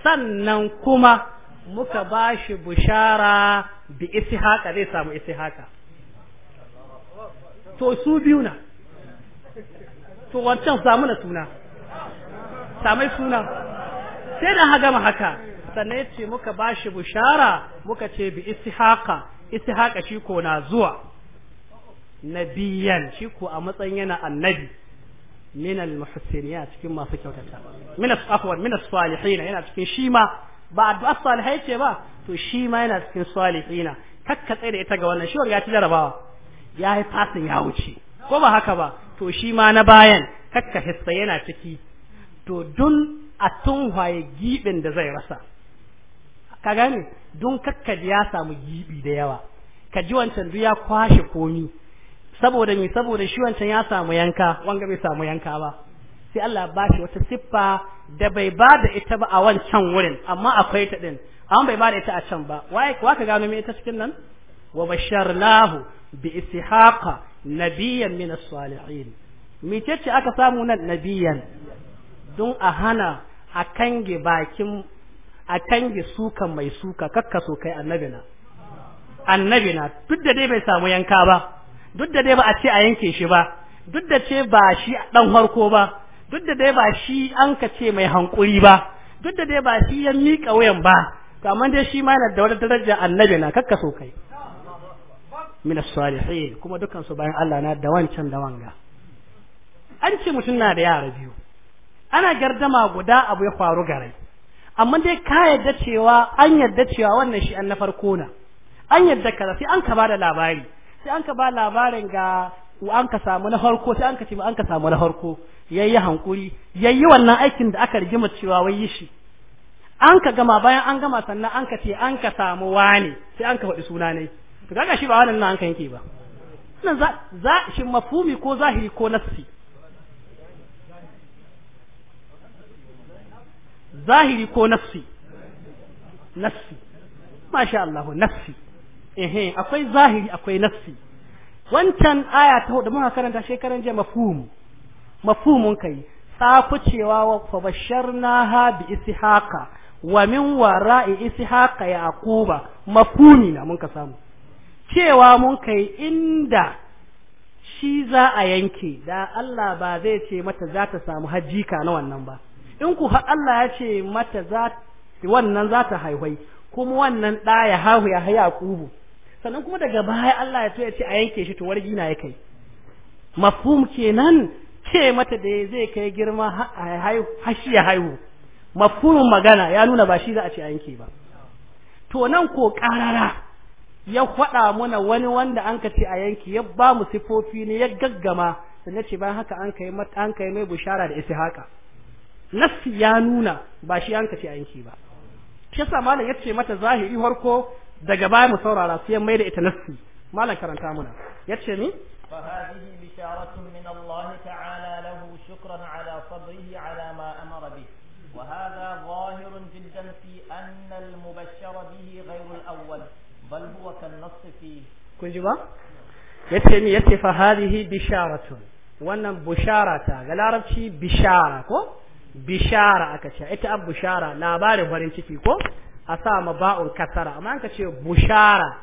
sannan kuma muka ba shi bushara bi ishaqa zai samu ishaqa to su biyu na to wancan samu na suna samai suna sai da haga haka sannan ya ce muka ba shi bushara muka ce bi ishaqa ishaqa shi ko na zuwa nabiyan shi ko a matsayin yana annabi min al-muhsin ya cikin masu kyautata min afwan min as-salihin yana cikin shi ma ba addu'a salihai ce ba to shi ma yana cikin salihina kakka tsaye da ita ga wannan shi ya ci jarabawa ya yi fasin ya wuce ko ba haka ba to shi ma na bayan kakka hissa yana ciki to dun a tunhaye giɓin da zai rasa ka gani dun kakka ya samu giɓi da yawa ka ji wancan du ya kwashe komi saboda mi saboda shi wancan ya samu yanka wanga bai samu yanka ba sai Allah ba shi wata siffa da bai ba da ita ba a wancan wurin amma akwai ta din amma bai ba da ita a can ba waye wa ka gano me ita cikin nan wa basharnahu bi ishaqa nabiyyan min as-salihin micece aka samu nan nabiyan don a hana a kange bakin a kange sukan mai suka kakkaso kai annabina annabina duk da dai bai samu yanka ba duk da dai ba a ce a yanke shi ba duk da ce ba shi dan harko ba duk da dai ba shi an ka ce mai hankuri ba duk da dai ba shi ya miƙa wuyan ba to amma dai shi ma yana da wani daraja annabi na kakka so kai min as-salihin kuma dukkan su bayan Allah na da wancan da wanga an ce mutum na da yara biyu ana gardama guda abu ya faru garai amma dai ka yadda cewa an yadda cewa wannan shi an na farko na an yadda ka sai an ka da labari sai an ka ba labarin ga an ka samu na farko sai an ka ce an ka samu na farko yayi hankuri yayi wannan aikin da aka rigima cewa wai yi shi an ka gama bayan an gama sannan an ka ce an ka samu wani sai an ka faɗi suna ne to kaga shi ba wannan nan an ka yanke ba wannan za za shi mafumi ko zahiri ko nassi zahiri ko nassi nassi masha Allah nassi ehe akwai zahiri akwai nafsi wancan aya ta hudu muka karanta shekaran jiya mafhum mafhumun kai cewa wa na ha bi ishaqa wa min wara'i ishaqa yaquba mafhumi na mun ka samu cewa mun kai inda shi za a yanke da Allah ba zai ce mata za ta samu ka na wannan ba in ku har Allah ya ce mata za wannan za ta haihuwai kuma wannan ɗa ya hahu ya haya kubu sannan kuma daga baya Allah ya so ya ce a yanke shi to wargi na ya kai mafhum kenan ce mata da zai kai girma har shi ya haihu mafhumin magana ya nuna ba shi za a ce a yanke ba to nan ko karara ya faɗa mana wani wanda an ka ce a yanke ya ba mu sifofi ne ya gaggama sannan ce bayan haka an kai an kai mai bushara da ishaqa nafsi ya nuna ba shi an ka ce a yanke ba shi yasa malam ce mata zahiri harko daga baya mu saurara sai mai da ita nassi malam karanta muna yace ni فهذه بشارة من الله تعالى له شكرا على صبره على ما أمر به وهذا ظاهر جدا في أن المبشر به غير الأول بل هو كالنص فيه كنجبا بشارة wannan bushara ta ga larabci bishara ko bishara aka ce ita na ba labarin farin ciki ko a sa ma ba'un kasara amma an ka ce bushara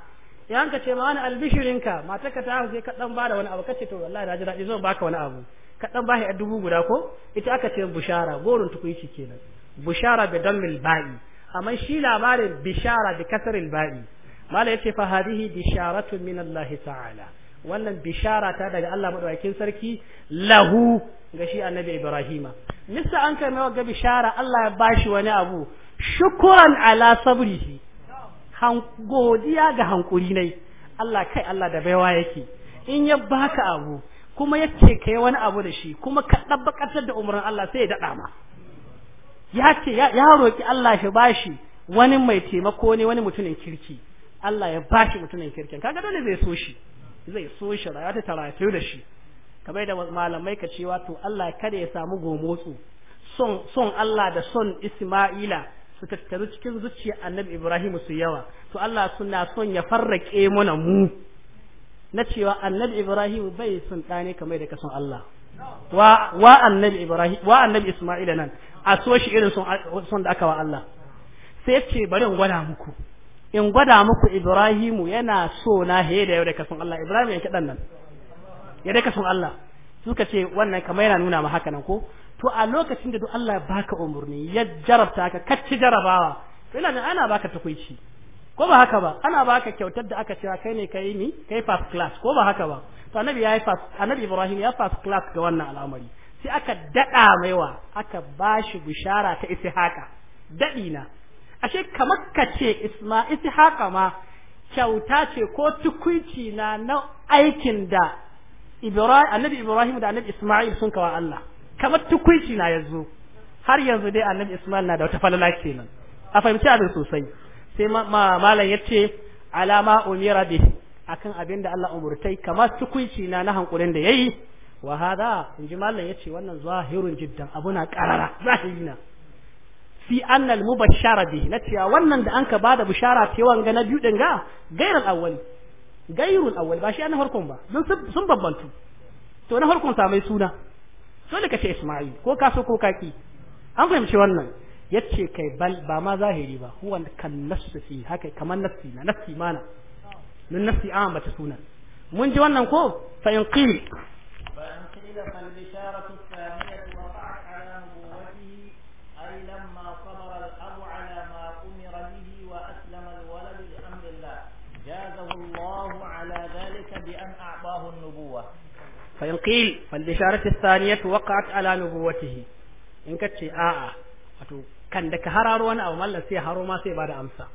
ya an ka ce ma wani albishirinka matarka ta haihu sai ka dan bada wani abu kace to wallahi na ji daɗi baka wani abu ka dan bashi a dubu guda ko ita aka ce bushara gorin tukuici kenan bushara bi dammil ba'i amma shi labarin bishara bi kasril ba'i mala yace fa hadihi bisharatu min Allah ta'ala wannan bishara ta daga Allah madaukakin sarki lahu ga shi annabi Ibrahima nisa an kai ga bishara Allah ya bashi wani abu shukuran ala sabrihi han godiya ga hankuri nai Allah kai Allah da baiwa yake in ya baka abu kuma ya kai wani abu da shi kuma ka dabbakatar da umarnin Allah sai ya dada ma ya ya roki Allah shi bashi wani mai taimako ne wani mutumin kirki Allah ya bashi mutumin kirkin kaga dole zai so shi zai so shi rayuwa ta tarayyu da shi kamar da malamai ka ce to Allah kada ya samu gomotsu son son Allah da son Isma'ila su tattaru cikin zuciya annabi Ibrahim su yawa to Allah suna son ya farrake mana mu na cewa annabi Ibrahim bai son ɗane kamar da kasan Allah wa wa annabi Ibrahim wa annabi Isma'ila nan a so shi irin son da aka wa Allah sai ce bari in gwada muku in gwada muku Ibrahim yana so na he da yau da kasan Allah Ibrahim ya kiɗan nan ya da kasan Allah suka ce wannan kamar yana nuna ma haka nan ko to a lokacin da duk Allah ya baka umurni ya jarabta ka kacci jarabawa to ina nan ana baka takwaici ko ba haka ba ana baka kyautar da aka cewa kai ne kai ni kai first class ko ba haka ba to annabi ya first annabi Ibrahim ya first class ga wannan al'amari sai aka dada maiwa aka bashi bishara ta ishaqa dadi na ashe kamar ka ce isma ishaqa ma kyauta ce ko tukuici na na aikin da Ibrahim annabi Ibrahim da annabi Isma'il sun kawo Allah kamar tukunci na yanzu har yanzu dai annabi Isma'il na da wata falala kenan a fahimci abin sosai sai malam ce alama umira bi akan abin da Allah umurtai kamar tukunci na na hankulin da yayi wa hada inji malam ce wannan zahirun jiddan abu abuna qarara zahirina fi annal al mubashshara bi na cewa wannan da anka bada bushara cewa ga na biyu din ga gairan awwali gairul awwal ba shi na farkon ba sun sun babbantu to na farkon sa mai suna to ka ce Isma'il ko ka ko kaki an fahimci wannan yace kai bal ba ma zahiri ba huwa kan nafsi fi haka kaman nafsi na nafsi mana min nafsi a ta sunan mun ji wannan ko fa in qil fa in qila fal فإن قيل فالإشارة الثانية وقعت على نبوته إن كتشي آآ wato kan da ka hararo wani abu mallan sai haro ma sai bada amsa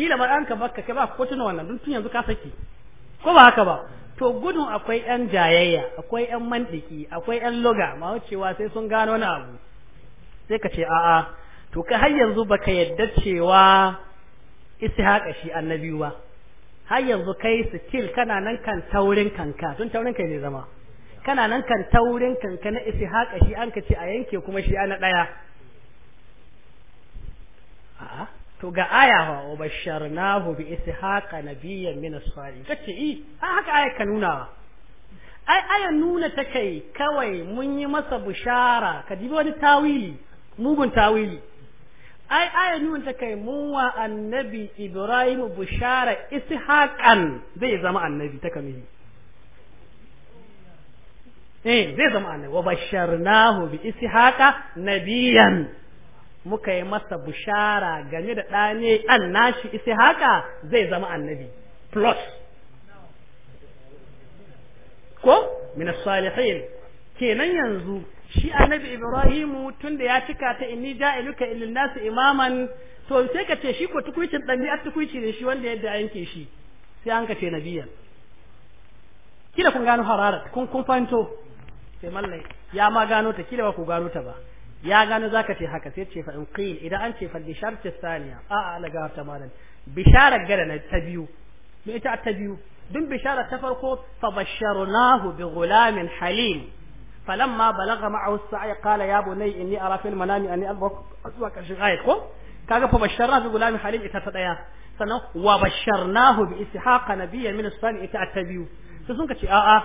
kila bar an ka bakka ka ba ko tuna wannan dun tun yanzu ka saki ko ba haka ba to gudun akwai yan jayayya akwai yan mandiki akwai yan loga ma cewa sai sun gano wani abu sai ka ce a'a to ka har yanzu baka yadda cewa ishaqa shi annabi ba har yanzu kai still kana nan kan taurin kanka tun taurin kai ne zama kana nan kan taurin kanka na haka shi an ka ce a yanke kuma shi ana daya a'a to ga aya fa wa basharnahu bi ishaqa nabiyyan min as-salihin kace i haka aya ka nuna ai aya nuna ta kai kawai mun yi masa bushara ka dibi wani tawili mugun tawili ai aya nuna ta kai mu wa annabi ibrahim bushara ishaqan zai zama annabi ta kamili eh zai zama annabi wa basharnahu bi ishaqa nabiyan muka yi masa bushara game da ɗane an nashi ishaqa zai zama annabi plus ko min as-salihin kenan yanzu shi annabi ibrahimu tun da ya cika ta inni ja'iluka ilin nasu imaman to sai ka ce shi ko tukuicin ɗabi'ar tukuici ne shi wanda yadda yanke shi sai an ka ce nabiyan kila kun gano harara kun kun fanto sai mallai ya ma gano ta kila ba ku gano ta ba ya gano za ka ce haka sai ce fa in qil idan an ce fa bi ta saniya a a laga ta malan bisharar gada na ta biyu me ita ta biyu dun bisharar ta farko fa basharnahu bi ghulamin halim falamma balaga ma'ahu sa'i qala ya bunay inni ara fil manami anni azwa kashi ayat ko kaga fa basharna bi gulami halin ita ta daya sannan wa basharnahu bi ishaqa nabiyyan biya as-sani ita ta biyu sai sun kace a'a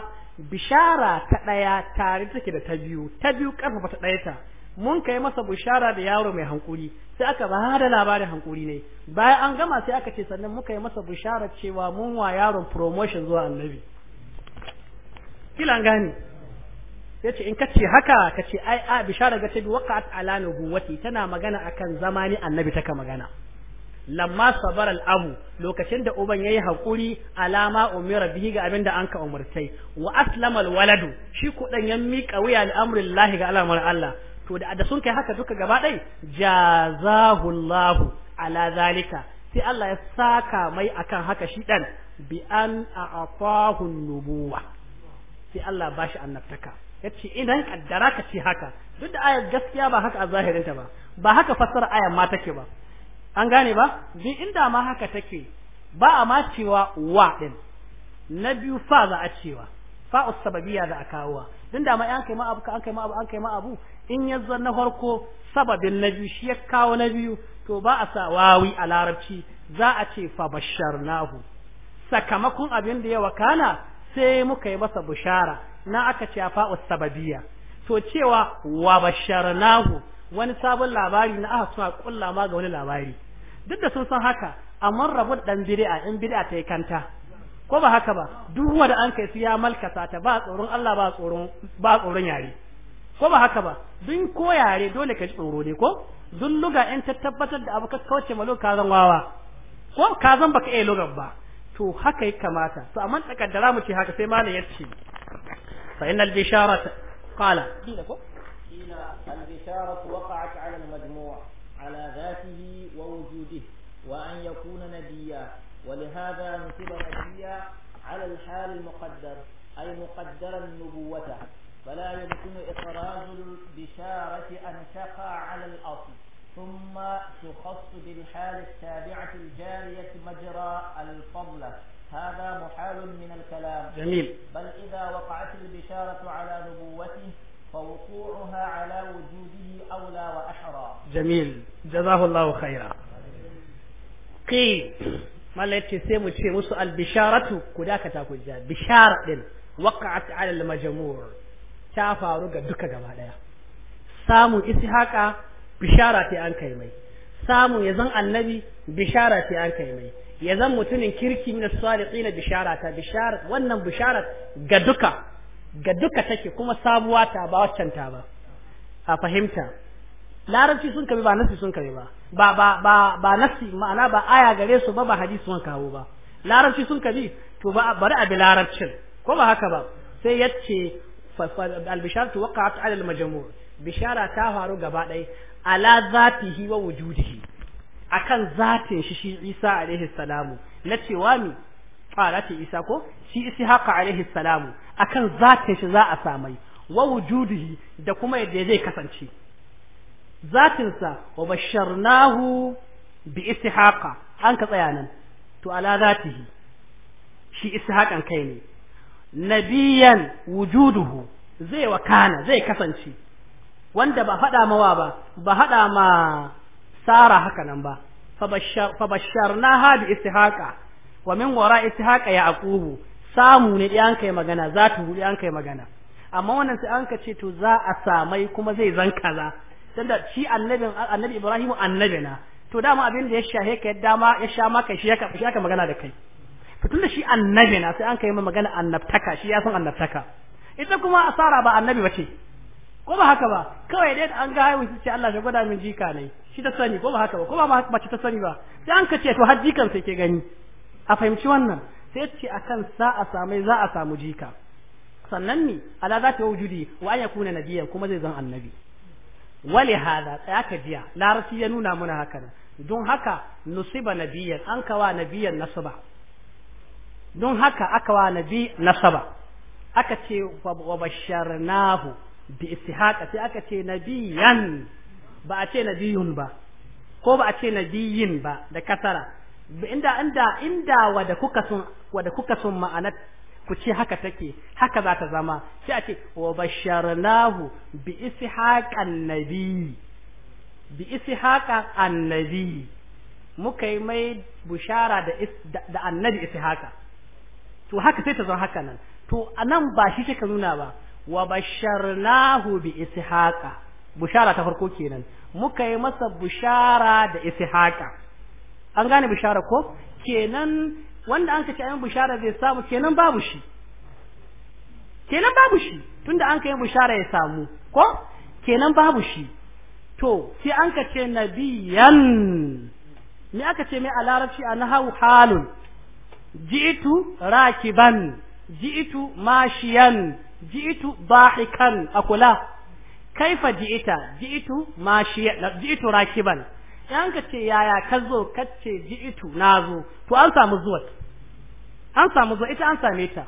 bishara ta ɗaya tare take da ta biyu ta biyu karfafa ta ɗaya ta mun kai masa bishara da yaro mai hankuri sai aka ba da labarin hankuri ne bayan an gama sai aka ce sannan muka yi masa bishara cewa mun wa yaron promotion zuwa annabi kilan gani yace in kace haka kace ai a bishara ga tabi waqa'at ala nubuwati tana magana akan zamani annabi taka magana lamma sabar lokacin da uban yayi hakuri alama umira bihi ga abinda an ka umurtai wa aslama waladu shi ko dan 'yan mika wuya al'amrin amrillahi ga al'amar Allah to da sun kai haka duka gaba dai jazahu Allah ala zalika sai Allah ya saka mai akan haka shi dan bi an a'afahu nubuwa sai Allah bashi annabtaka yace idan eh, kaddara ka ce haka duk da ayar gaskiya ba haka a zahirinta ba ba haka fassara ayar ma take ba an gane ba duk inda ma haka take ba a ma cewa wa din na biyu fa za a cewa fa usbabiyya da akawa din da ma an kai ma abu an kai ma abu an kai ma abu in yazzan na farko sababin na biyu shi ya kawo na biyu to ba a sa wawi a larabci za a ce fa basharnahu sakamakon abin da ya wakana sai muka yi masa bushara na aka ce fa sababiya to cewa wa basharnahu wani sabon labari na aka suna kulla ma ga wani labari duk da sun san haka amma rabu dan bid'a in bid'a ta kanta ko ba haka ba duk wanda an kai su ya malkasa ta ba tsoron Allah ba tsoron ba tsoron yare ko ba haka ba duk ko yare dole ka ji tsoro ne ko duk luga in ta tabbatar da abu ka kauce ma zan wawa ko ka zan baka iya lugar ba to haka ya kamata to amma takaddara mu ce haka sai malam ya ce fa innal bisharata qala kila ko kila al bisharatu waqa'at ala al majmu' ala dhatihi wa wujudihi wa an yakuna nabiyya ولهذا نصب نبيا على الحال المقدر أي مقدرا نبوته فلا يمكن إخراج البشارة أن تقع على الأصل ثم تخص بالحال التابعة الجارية مجرى الفضلة هذا محال من الكلام جميل بل إذا وقعت البشارة على نبوته فوقوعها على وجوده أولى وأحرى جميل جزاه الله خيرا كي ما yace sai mu ce بشارة albisharatu ku dakata ku ja bishara din waqa'at 'ala al-majmur ta bishara ce an kai mai samu ya zan annabi bishara ce an kai mai ya zan mutumin kirki min salihin bishara ta bishara wannan bishara ga duka ga duka take kuma sabuwa ta ba waccan ta ba a fahimta larabci sun kabi ba nasi sun kabi ba ba ba ba ba nasi ma'ana ba aya gare su ba ba hadisi sun kawo ba larabci sun kabi to ba bari a bi larabcin ko ba haka ba sai yace al-bishara waqa'at 'ala al-majmu' bishara ta faru gaba ɗaya ala zatihi wa wujudihi akan zatin shi shi Isa alaihi salamu na cewa mi fara Isa ko shi Ishaq alaihi salamu akan zatin shi za a samai wa wujudihi da kuma yadda zai kasance zatin sa wa basharnahu bi Ishaq an ka tsaya nan to ala zatihi shi Ishaqan kai ne nabiyan wujuduhu zai wakana zai kasance wanda ba faɗa mawa ba ba haɗa ma sara haka nan ba fabasharnaha bi haƙa, wa min wara ya yaqubu samu ne dai an kai magana za ta hudu an kai magana amma wannan sai an ka ce to za a samai kuma zai zan kaza da shi annabin annabi ibrahim annabi na to dama abin da ya shahe ka yadda ma ya sha maka shi ya shi aka magana da kai to tunda shi annabi na sai an kai magana annabtaka shi ya san annabtaka ita kuma asara ba annabi bace ko ba haka ba kawai dai an ga haihu shi ce Allah ya gwada min jika ne shi ta sani ko ba haka ba ko ba ba ta sani ba sai an ka ce to har jikan sai ke gani a fahimci wannan sai ce akan sa a samai za a samu jika sannan ni ala za ta wujudi wa an yakuna nabiyya kuma zai zan annabi wali hada tsaya ka jiya larasi ya nuna muna haka nan don haka nusiba nabiyyan an kawa nabiyyan nasaba don haka aka wa nabi nasaba aka ce wa basharnahu bi ishaqa sai aka ce nabiyan ba a ce nabiyun ba ko ba a ce nabiyin ba da kasara inda inda inda wada kuka sun wada kuka sun ma'anar ku ce haka take haka za ta zama sai a ce wa basharnahu bi ishaqan nabi bi ishaqa annabi muka yi mai bushara da da annabi ishaqa to haka sai ta zo haka nan to anan ba shi take nuna ba wa basharnahu bi ishaqa bushara ta farko kenan muka yi masa bushara da ishaqa an gane bushara ko kenan wanda an kace ayin bushara zai samu kenan babu shi kenan babu shi tunda an kai bushara ya samu ko kenan babu shi to sai an kace nabiyan me aka ce mai a larabci a nahawu halun ji'itu rakiban ji'itu mashiyan ji'itu dahikan akula kaifa ji'ita ji'itu mashiya ji'itu rakiban yan ka ce yaya ka zo ka ce ji'itu nazo to an samu zuwa an samu zuwa ita an same ta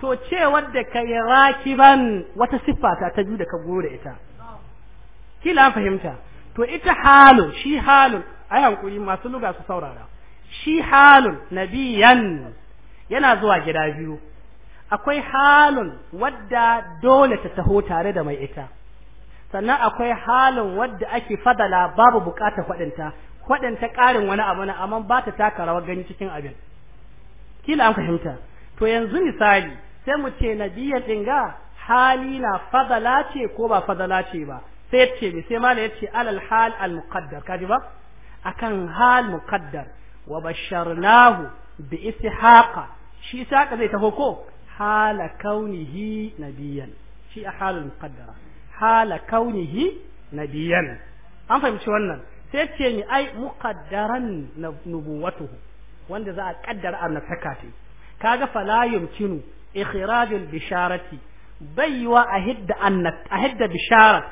to ce wadda ka yi rakiban wata siffata ta biyu da ka gore ita kila an fahimta to ita halun shi halun ai hankuri masu luga su saurara shi halun nabiyan yana zuwa gida biyu akwai halin wadda dole ta taho tare da mai ita sannan akwai halin wadda ake fadala babu bukatar faɗinta ta ƙarin wani abu na amma ba ta taka rawar gani cikin abin kila an fahimta to yanzu misali sai mu ce nabiya dinga hali na fadala ce ko ba fadala ce ba sai ce mi sai mala yace alal hal al muqaddar kaji ba akan hal muqaddar wa basharnahu bi ishaqa shi saka zai taho ko hala kaunihi nabiyan shi a halin muqaddara hala kaunihi nabiyan an fahimci wannan sai ce ni ai muqaddaran nubuwatuhu wanda za a kaddara annabtaka ce kaga fala yumkinu ikhrajul bisharati baiwa a hidda annat a hidda bishara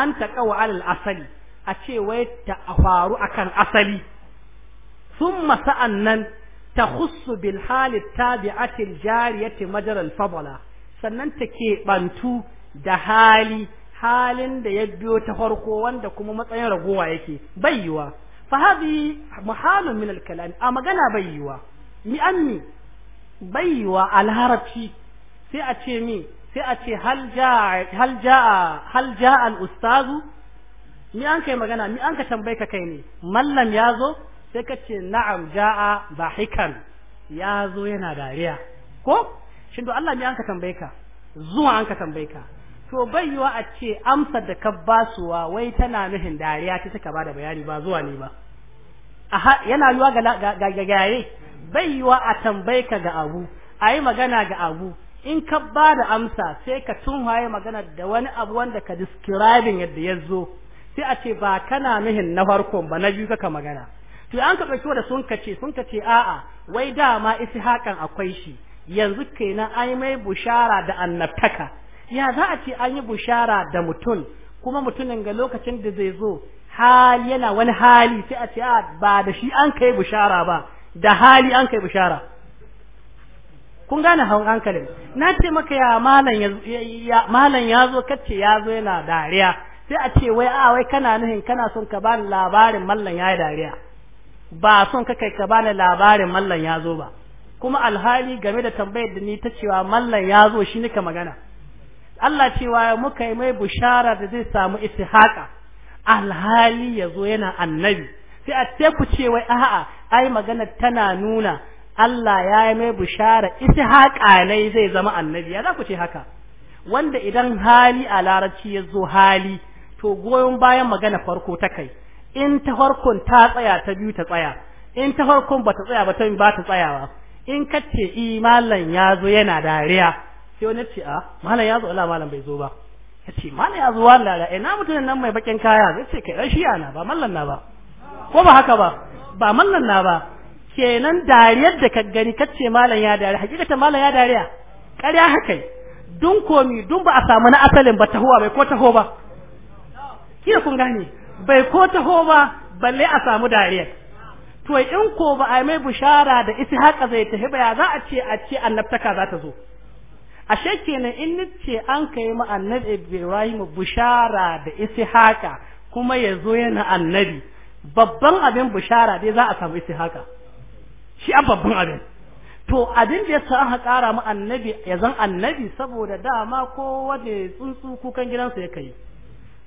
an taqawa alal asali a ce wai ta faru akan asali summa sa'annan Ta tahussu bil hali tabi'atil jariyati majaral fadala sannan ta keɓantu da hali halin da ya biyo ta farko wanda kuma matsayin ragowa yake bai yiwa fa hadhi muhalun min al kalam a magana bai yiwa mi anni bai yiwa al harafi sai a ce mi sai a ce hal jaa hal jaa hal jaa al ustazu mi an kai magana mi an ka tambaye ka kai ne mallam ya zo. sai ka ce na'am ja'a ba hikan ya zo yana dariya ko shin to Allah ne an ka tambaye ka zuwa an ka tambaye ka to bai yiwa a ce amsar da ka basuwa wai tana nuhin dariya ta take bada bayani ba zuwa ne ba aha yana yiwa ga ga gaye bai yiwa a tambaye ka ga abu ayi magana ga abu in ka bada amsa sai ka tunhaye magana da wani abu wanda ka describing yadda ya zo sai a ce ba kana nuhin na farkon ba na biyu kaka magana to an ka dauki wanda sun kace sun kace a'a wai dama hakan akwai shi yanzu kenan an yi mai bushara da annabtaka ya za a ce an yi bushara da mutum kuma mutumin ga lokacin da zai zo hali yana wani hali sai a ce ba da shi an kai bushara ba da hali an kai bushara kun gane hawan hankalin na ce maka ya malam ya zo kace ya zo yana dariya sai a ce wai a wai kana nuhin kana son ka bani labarin mallan ya dariya ba son ka kai ka bani labarin mallan ya zo ba kuma alhali game da tambayar da ni ta cewa mallan ya zo shi nika magana Allah cewa muka yi mai bushara da zai samu ishaqa alhali ya zo yana annabi sai a ce ku ce wai a'a ai magana tana nuna Allah ya yi mai bushara ishaqa ne zai zama annabi ya za ku ce haka wanda idan hali a larabci ya zo hali to goyon bayan magana farko ta kai in ta farkon ta tsaya ta biyu ta tsaya in ta farkon ba ta tsaya ba ta yi ba ta tsayawa in ka ce i malam ya zo yana dariya sai wani ce a ah, malam ya zo ala malam bai zo ba ya ce malam ya zo wani dariya ina mutumin nan mai bakin kaya zai ce kai rashi yana ba mallan na ba ko ba haka ba ba mallan na ba kenan dariyar da ka gani ka ce malam ya dariya hakikatan malam ya dariya ƙarya haka dun komi dun ba a samu na asalin ba huwa bai ko taho ba kina kun gane bai ko taho ba balle a samu dariyar to in ko ba a mai bushara da isi haka zai tafi ba ya za a ce a ce annabtaka za ta zo ashe kenan in nace an kai ma annabi Ibrahim bushara da isi haka kuma yazo zo yana annabi babban abin bushara dai za a samu isi haka shi a babban abin to abin da sa aka kara mu annabi ya zan annabi saboda dama ko wanda tsuntsu kukan gidansa ya kai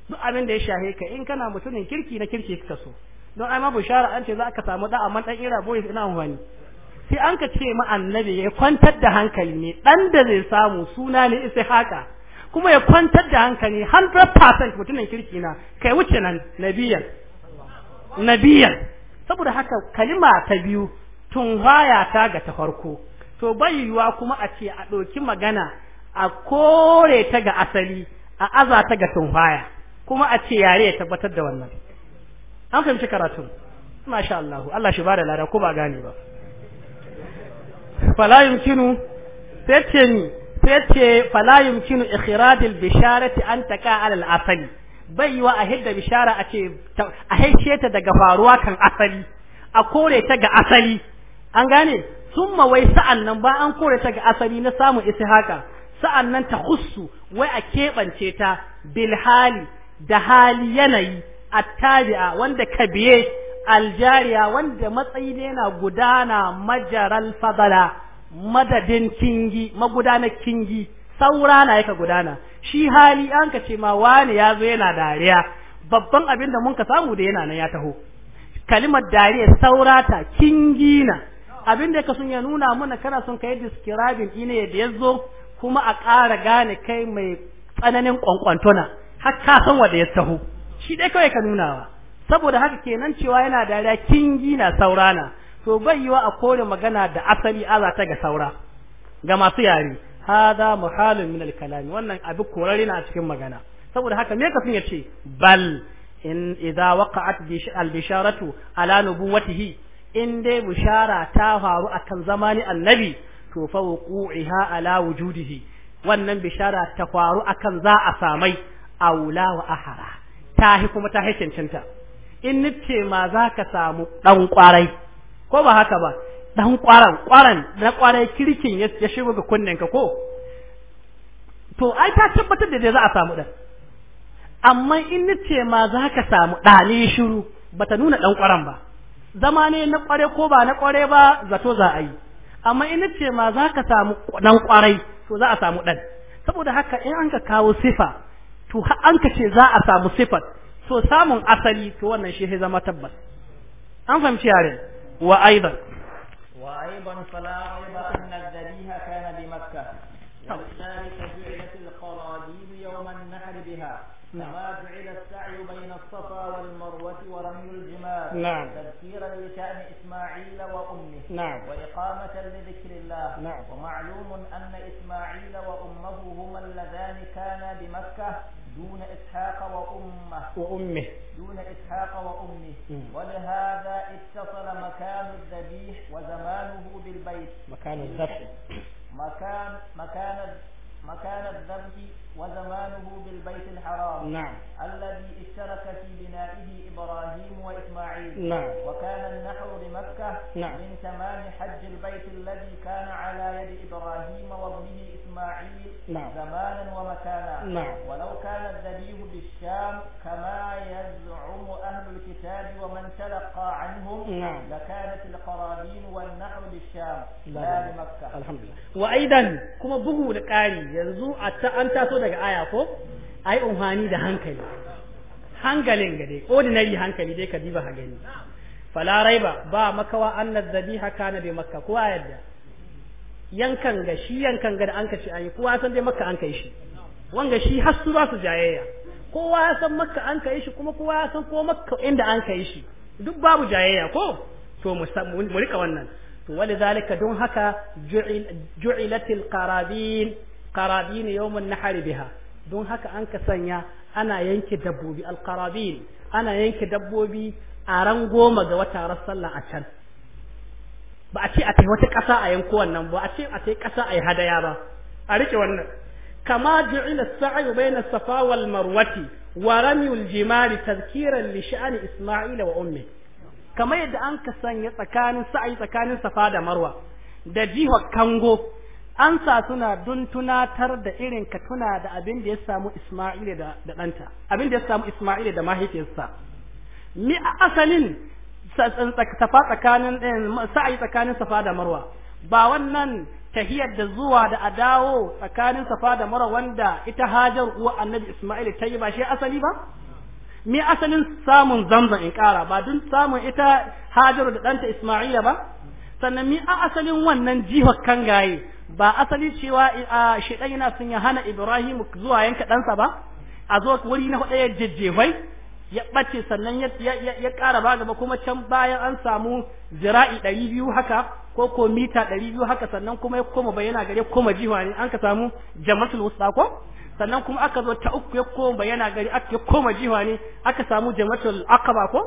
duk abin da ya shahe ka in kana mutumin kirki na kirki ka so don ai ma bushara an ce za ka samu da amma dan ira boye ina amfani sai an ka ce ma annabi ya kwantar da hankali ne dan da zai samu suna ne isa haka kuma ya kwantar da hankali 100% mutumin kirki na kai wuce nan nabiyan nabiyan saboda haka kalima ta biyu tun haya ta ga ta farko to bai yiwuwa kuma a ce a ɗauki magana a kore ta ga asali a azata ga tunhaya kuma a ce yare ya tabbatar da wannan an fahimci karatun masha Allah Allah shi bada lada ko ba gane ba fala yumkinu sai ce ni sai ce fala yumkinu ikhradil bisharati an taqa ala al-asali bai wa a hidda bishara a ce a haice ta daga faruwa kan asali a kore ta ga asali an gane summa wai sa'an nan ba an kore ta ga asali na samun ishaka sa'an nan ta hussu wai a keɓance ta bilhali da hali yanayi a tabi'a wanda ka biye aljariya wanda matsayi ne na gudana majaral fadala madadin kingi magudanar kingi saura na yaka gudana shi hali an ka ce ma wani ya zo yana dariya babban abin da mun ka samu da yana nan ya taho kalimar dariya saurata kingi na abin da ka sun ya nuna mana kana son ka yi describing ine da ya zo kuma a ƙara gane kai mai tsananin ƙwanƙwantona har ka san wanda ya taho shi dai kawai ka nuna nunawa saboda haka kenan cewa yana da dariya kingi na saurana to bai yiwa a kore magana da asali aza ta ga saura ga masu yare hada muhalin min al-kalami wannan abu korare na cikin magana saboda haka me ka ya ce bal in idza waqa'at al-bisharatu ala nubuwatihi in dai bishara ta faru akan zamani annabi to fa wuqu'iha ala wujudihi wannan bishara ta faru akan za a samai aula wa ahara tahi kuma tahi cancanta in nice ma za ka samu ɗan ƙwarai ko ba haka ba ɗan ƙwaran ƙwaran na ƙwarai kirkin ya shigo ga kunnen-ka ko to ai ta tabbatar da za a samu ɗan amma in nice ma za ka samu ɗane shiru ba ta nuna ɗan ƙwaran ba zama ne na ƙware ko ba na ƙware ba zato za a yi amma in nice ma za ka samu ɗan ƙwarai to za a samu ɗan saboda haka in an ka kawo sifa to an ka ce za a samu sifat so samun asali to wannan shi sai zama tabbas an fahimci yare wa aidan wa aidan fala raiba anna al kana bi makkah جعلت القراديب يوم النحر بها كما جعل السعي بين الصفا والمروة ورمي الجمار نعم تذكيرا لشأن إسماعيل وأمه نعم وإقامة لذكر الله نعم ومعلوم أن وأمه دون إسحاق وأمه ولهذا اتصل مكان الذبيح وزمانه بالبيت مكان الذبح مكان مكان مكان الذبح وزمانه بالبيت الحرام نعم الذي اشترك في بنائه إبراهيم وإسماعيل نعم وكان النحر بمكة نعم من تمام حج البيت الذي كان على يد إبراهيم وابنه إسماعيل نعم. زمانا ومكانا نعم. ولو كان الذبيح بالشام كما يزعم أهل الكتاب ومن تلقى عنهم نعم. لكانت القرابين والنحو بالشام لا, لا لمكة الحمد لله وأيضا كما بغو لكاري يزو أنت أصدق آية فوق أي أمهاني ده هنكلي hankalin ga dai ordinary hankali dai ka diba ha gani fala raiba ba makawa annad dhabiha kana bi makka ko a yadda yankan ga shi yankan ga da an kace an yi kowa san dai maka an kai shi wanga shi har su ba su jayayya kowa ya san makka an kai shi kuma kowa ya san ko maka inda an kai shi duk babu jayayya ko to mu rika wannan to wali zalika don haka ju'ilatil qarabin qarabin yawmun nahari biha don haka an ka sanya ana yanke dabbobi alqarabin ana yanke dabbobi a ran goma ga wata sallah a can ba a ce a tai wata ƙasa a yanko wannan ba a ce a tai ƙasa a yi hadaya ba a rike wannan kama ju'ila sa'yu bayna safa wal marwati wa ramyul jimari tazkiran li sha'ani isma'ila wa ummi kamar yadda an ka sanya tsakanin sa'ayi tsakanin safa da marwa da jiha kango an sa suna dun tunatar da irin ka tuna da abin da ya samu Isma'ila da ɗanta abin da ya samu Isma'ila da mahaifiyarsa Ni a asalin safa tsakanin eh, sa'ayi tsakanin safa da marwa ba wannan tahiyar da zuwa da a dawo tsakanin safa da marwa wanda ita hajar uwa annabi isma'il ta yi ba shi asali ba me asalin samun zamzan in kara ba duk samun ita hajar da danta isma'ila ba sannan mi a asalin wannan jihar kangaye ba asali cewa a shaidan yana sun ya hana ibrahim zuwa yanka ɗansa ba a zo wuri na hudu ya jejjefai ya ɓace sannan ya ƙara ba gaba kuma can bayan an samu zira'i ɗari biyu haka ko ko mita ɗari biyu haka sannan kuma ya koma bayyana gare koma jiwa ne an ka samu jamatul wusta ko sannan kuma aka zo ta uku ya koma bayyana gare aka koma jiwa ne aka samu jamatul akaba ko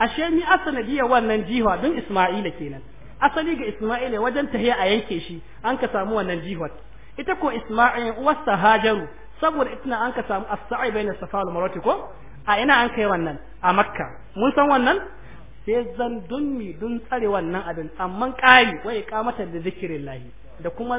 ashe ni asanadiyar wannan jiwa don isma'ila kenan asali ga isma'ila wajen tahiya a yanke shi an ka samu wannan jiwa ita ko isma'il uwarsa hajaru saboda ita an ka samu as-sa'i na safa wal ko a ina an kai wannan a makka mun san wannan sai zan dun dun tsare wannan abin amma ƙari wai kamatar da zikirin lahi da kuma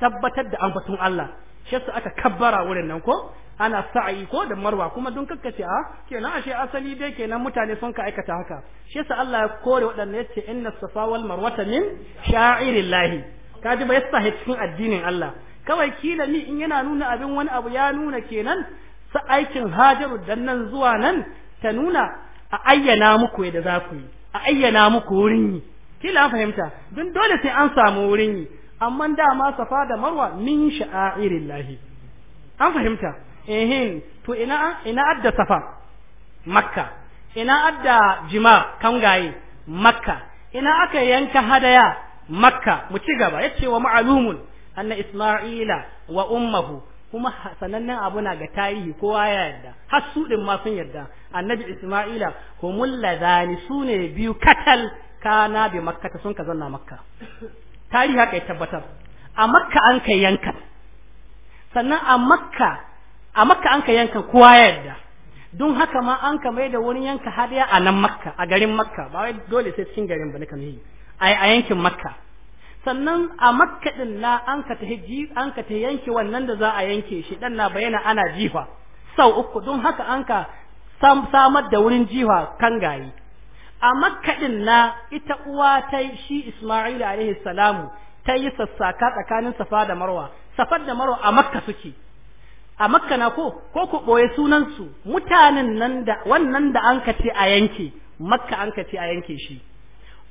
tabbatar da ambaton Allah shi su aka kabbara wurin nan ko ana sa'i ko da marwa kuma dun kakkace a ah, kenan ashe asali dai kenan mutane sun ka aikata haka shi yasa Allah ya kore wadannan yace inna safa wal marwata min sha'irillahi kaji bai sahi cikin addinin Allah kawai kila ni in yana nuna abin wani abu ya nuna kenan sa aikin hajaru dan nan zuwa nan ta nuna a ayyana muku yadda za ku yi a ayyana muku wurin yi kila fahimta don dole sai an samu wurin yi amma dama safa da marwa min lahi an fahimta ehin to ina ina adda safa makka ina adda jima kangaye makka ina aka yanka hadaya makka mu ci gaba yace wa ma'lumun anna isma'ila wa ummuhu kuma sanannen abu na ga tarihi kowa ya yarda har su din ma sun yarda annabi isma'ila humul ladani sune biyu katal kana bi makkata sun ka zanna makka tarihi haka ya tabbatar a makka an kai yankan sannan a makka a makka an kai yankan kowa ya yarda don haka ma an ka mai da wurin yanka hadiya a nan makka a garin makka ba wai dole sai cikin garin ba nika yi, a yankin makka sannan a makka din na an ka ta hijji an ka ta yanke wannan da za a yanke shi dan na bayyana ana jifa sau uku don haka an ka samar da wurin jifa gayi a makka din na ita uwa ta shi Isma'il alaihi salamu ta yi sassaka tsakanin safa da marwa safar da marwa a makka suke a makka na ko ko ku ɓoye sunansu mutanen nan da wannan da an ce a yanke makka an ce a yanke shi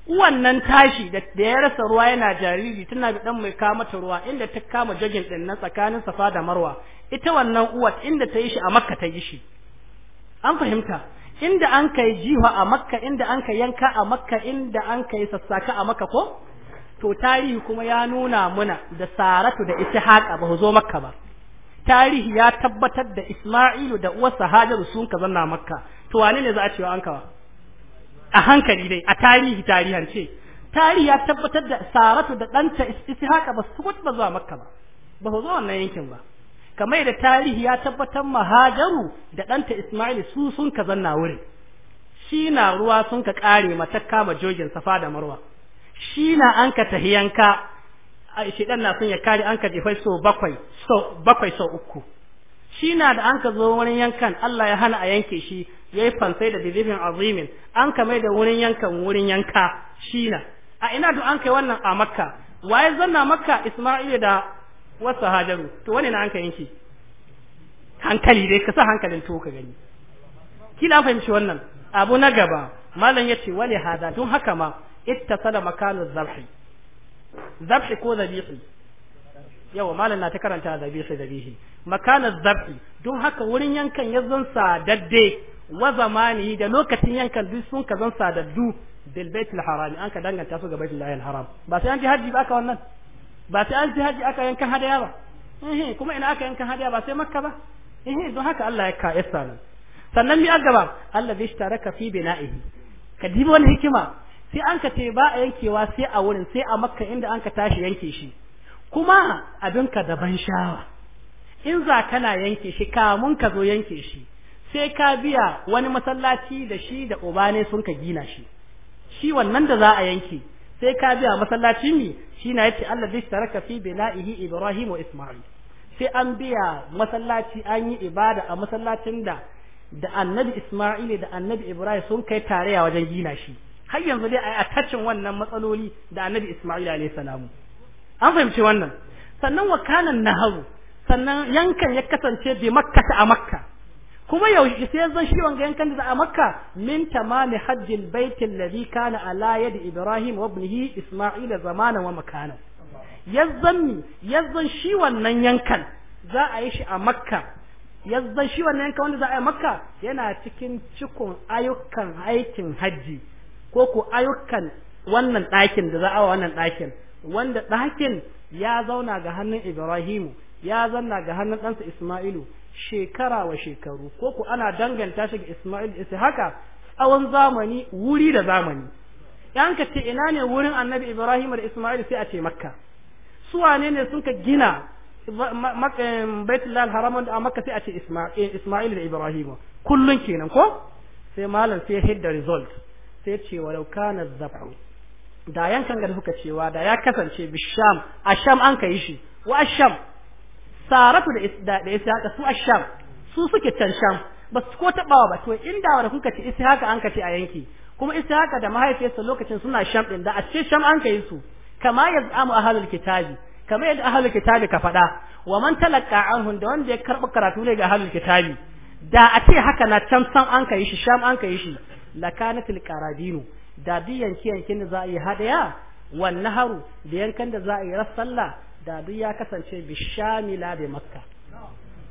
wannan tashi da ya rasa ruwa yana jariri tana da dan mai kama ta ruwa inda ta kama jogin din nan tsakanin safa da marwa ita wannan uwat inda ta yi shi a makka ta yi shi an fahimta inda an kai jiha a makka inda an kai yanka a makka inda an kai sassaka a makka ko to tarihi kuma ya nuna muna da saratu da ittihaqa ba zo makka ba tarihi ya tabbatar da isma'ilu da uwarsa hajaru sun ka zanna makka to wane ne za a cewa an kawa a hankali dai a tarihi tarihance tarihi ya tabbatar da saratu da ɗanta istihaka ba su ba zuwa makka ba ba su zuwa wannan yankin ba kamar da tarihi ya tabbatar mahajaru da ɗanta isma'il su sun ka zanna wuri. shi na ruwa sun ka kare mata kama jogin safa da marwa shi na an ka tahiyanka shi ɗan na sun ya kare an ka jefai so bakwai sau bakwai sau uku shi na da an ka zo wurin yankan Allah ya hana a yanke shi ya yi fansai da dizibin azimin an ka mai da wurin yankan wurin yanka shi na a ina to an kai wannan a makka waye zanna makka Isma'il da wasu hajaru to wani na an ka yanke hankali dai ka sa hankalin to ka gani kila an fahimci wannan abu na gaba malam yace wali hada tun haka ma ittasala makanu zarhi zarhi ko zabihi yawa malam na ta karanta zabihi zabihi makana zab'i don haka wurin yankan ya zan sadadde wa zamani da lokacin yankan duk sun ka zan sadaddu bil baitul haram an ka danganta su ga baitul lahil haram ba sai an ji haji ba aka wannan ba sai an ji haji aka yankan hadaya ba eh kuma ina aka yankan hadaya ba sai makka ba eh don haka Allah ya ka yasa nan sannan mi agaba Allah bi shtaraka fi bina'ihi kadibi wani hikima sai an ka ce ba a yankewa sai a wurin sai a makka inda an ka tashi yanke shi kuma abin ka daban shawa in za kana yanke shi kamun ka zo yanke shi sai ka biya wani masallaci da shi da ne sun ka gina shi shi wannan da za a yanke sai ka biya masallaci mi shi na yace Allah bi taraka fi bila'ihi Ibrahim wa Isma'il sai an biya masallaci an yi ibada a masallacin da da annabi Isma'il da annabi Ibrahim sun kai tare a wajen gina shi har yanzu dai a tacin wannan matsaloli da annabi Isma'il alayhi salamu an fahimci wannan sannan wa na naharu sannan yankan ya kasance bi makka a makka kuma yaushe sai zan shi wanga yankan da a makka min tamami hajjin baitin alladhi kana ala yadi ibrahim wa ibnihi isma'ila zamana wa makana yazzan yazzan shi wannan yankan za a yi shi a makka yazzan shi wannan yankan wanda za a yi makka yana cikin cikon ayyukan aikin hajji ko ko ayyukan wannan ɗakin da za a wannan ɗakin wanda ɗakin ya zauna ga hannun Ibrahimu ya zanna ga hannun ɗansa Isma'ilu shekara wa shekaru ko ku ana danganta shi ga Isma'ilu isa haka tsawon zamani wuri da zamani yan ce ina ne wurin annabi Ibrahimu da Isma'ilu sai a ce makka su wane ne suka gina eh, baitul haramun da makka sai a ce eh, Isma'ilu da Ibrahimu kullum kenan ko sai malam sai hidda result sai ce wa da yankan gar suka cewa da ya kasance bisham asham an kai shi wa asham saratu da da ishaqa su asham su suke can sham ba su ko tabawa ba to inda wanda kuka isa haka an kace a yanki kuma ishaqa da mahaifiyarsa lokacin suna sham din da a ce sham an kai su kama yaz'amu ahlul kitabi kama yadda ahlul kitabi ka faɗa wa man talaqqa anhum da wanda ya karba karatu ne ga ahlul kitabi da a ce haka na can san an kai shi sham an kai shi lakanatul qaradinu da duk yanke yankin da za a yi hadaya wannan haru da yankan da za a yi sallah da duk ya kasance bishamila da makka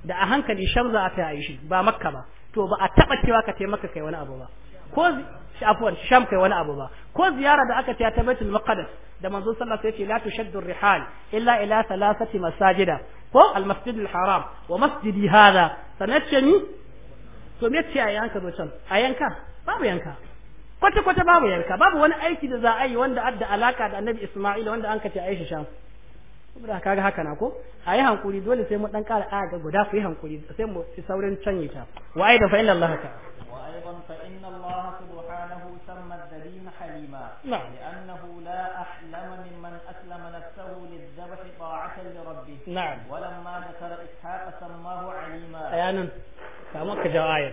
da a hankali sham za a ta yi shi ba makka ba to ba a taba cewa ka taimaka kai wani abu ba ko sham kai wani abu ba ko ziyara da aka ta ta baitul maqdis da manzo sallallahu alaihi wasallam la tushaddu rihal illa ila thalathati masajida ko al masjid al haram wa masjidi hada sanace to me ce ayanka can a yanka babu yanka kwata kwata babu yanka babu wani aiki da za a yi wanda adda alaka da annabi Isma'ila wanda an kace Aisha shan saboda kaga haka na ko a yi hankuri dole sai mu dan ƙara ga guda ku yi hankuri sai mu saurin canye ta wa aidan fa inna Allah ta'ala وأيضا فإن الله سبحانه سمى الذبين حليما نعم. لأنه لا أحلم ممن أسلم نفسه للذبح طاعة لربه نعم ولما ذكر إسحاق سماه عليما أيانا فأمك جوائر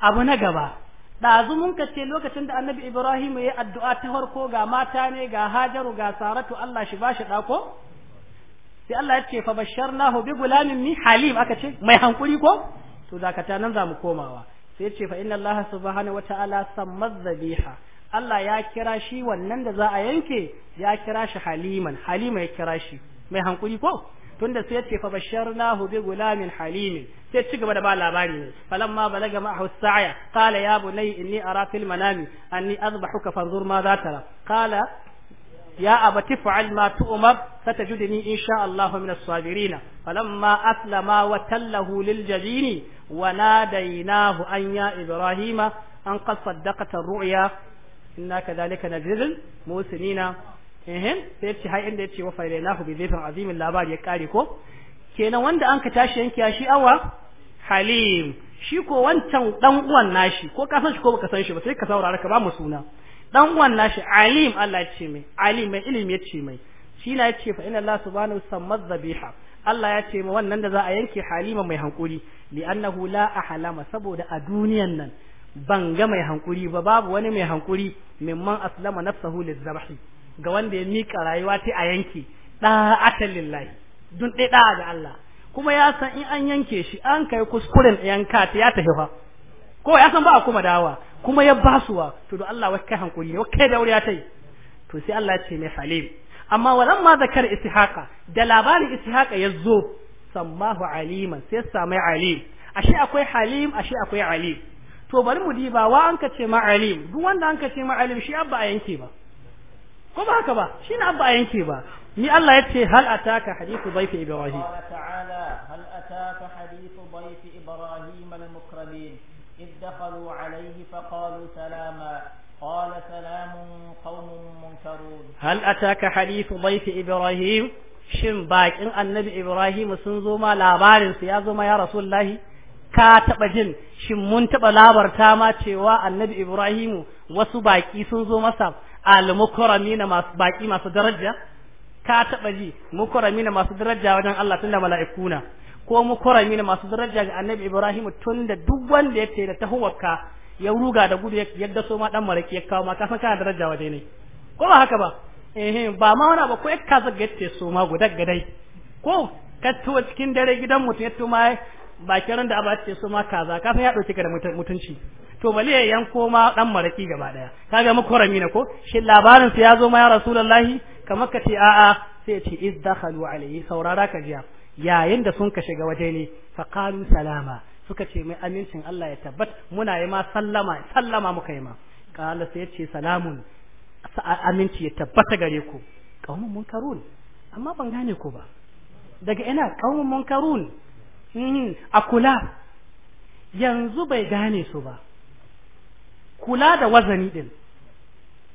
abu na gaba. ɗazu mun ka ce lokacin da annabi ibrahim ya yi addu'a ta farko ga mata ne ga hajaru ga saratu allah shi bashi ɗako sai allah ya ce fa na bi gulamin mi halim aka ce mai hankuri ko to dakata nan za mu komawa sai ya ce fa inna allah subhanahu wataala sammat dhabiha allah ya kira shi wannan da za a yanke ya kira shi haliman halima ya kira shi mai hankuri ko tunda sai yace fa basharnahu bi gulamin halim sai ci gaba da ba labari ne ma balaga ma husaya kala ya bunayya inni ara fil manami anni azbahuka fanzur ma za tara qala ya abati fa'al ma tu'mar satajudni insha Allah min as-sabirin falamma aslama wa tallahu lil jabini wa nadaynahu an ya ibrahima an qad saddaqata ar-ru'ya inna kadhalika nadzil musinina ehem sai ce har inda yace wa fadainahu bi dhifin azimin labari ya kare ko kenan wanda an ka tashi yankiya shi awa halim shi ko wancan dan uwan nashi ko ka san shi ko baka san shi ba sai ka saurara ka ba mu suna dan uwan nashi alim Allah ya ce mai alim mai ilimi yace ce mai shi na yace ce fa inna Allah subhanahu sammat dhabiha Allah ya ce ma wannan da za a yanke halima mai hankuri hula la ahlama saboda a duniyan nan ban ga mai hankuri ba babu wani mai hankuri mimman aslama nafsahu lizabhi ga wanda ya mika rayuwa ta a yanke da'atan lillahi dun ɗaya da ga Allah kuma ya san in an yanke shi an kai kuskuren yanka ta ya tafi fa ko ya san ba a kuma dawa kuma ya basuwa to don Allah wai kai hankuri wuri ya dauriya tai to sai Allah ce mai salim amma walan ma zakar ishaqa da labarin ishaqa yazo sammahu aliman sai samai alim ashe akwai halim ashe akwai alim to bari mu diba wa an ka ce ma alim duk wanda an ka ce ma alim shi abba a yanke ba ko ba haka ba shi na ba a yanke ba ni Allah ya ce hal ataka hadithu dhayfi ibrahim ta'ala hal ataka hadithu dhayfi ibrahim al mukramin id dakhalu alayhi fa qalu salama قال سلام قوم منكرون هل أتاك hadithu ضيف ibrahim. shin bakin annabi Ibrahim sun zo ma labarin su ya zo ma ya Rasulullahi ka taba jin shin mun taba labarta ma cewa annabi Ibrahim wasu baki sun zo masa al na masu baki masu daraja ka taba ji na masu daraja wajen Allah tunda mala'ikuna ko na masu daraja ga Annabi Ibrahim tunda duk wanda ya tayi da huwaka ya ruga da gudu yadda so ma dan maraki ya kawo ma ka san kana daraja waje ne ko ba haka ba eh ba ma wani ba ko ya kaza ga yace so ma gudag gadai ko ka tuwa cikin dare gidan mutum ya tuma bakin ran da aba ce su ma kaza ka fa ya dauke ka da mutunci to bali ya yanko ma dan maraki gaba daya kaga mukarrami na ko shi labarin sa ya ma ya rasulullahi kamar ka ce a'a sai ya ce dakhalu alayhi saurara ka jiya yayin da sun ka shiga waje ne fa qalu salama suka ce mai amincin Allah ya tabbat muna yi ma sallama sallama muka yi ma qala sai ya ce salamun aminci ya tabbata gare ku qaumun munkarun amma ban gane ku ba daga ina qaumun munkarun Hmm, a kula yanzu bai gane su ba kula da wazani ɗin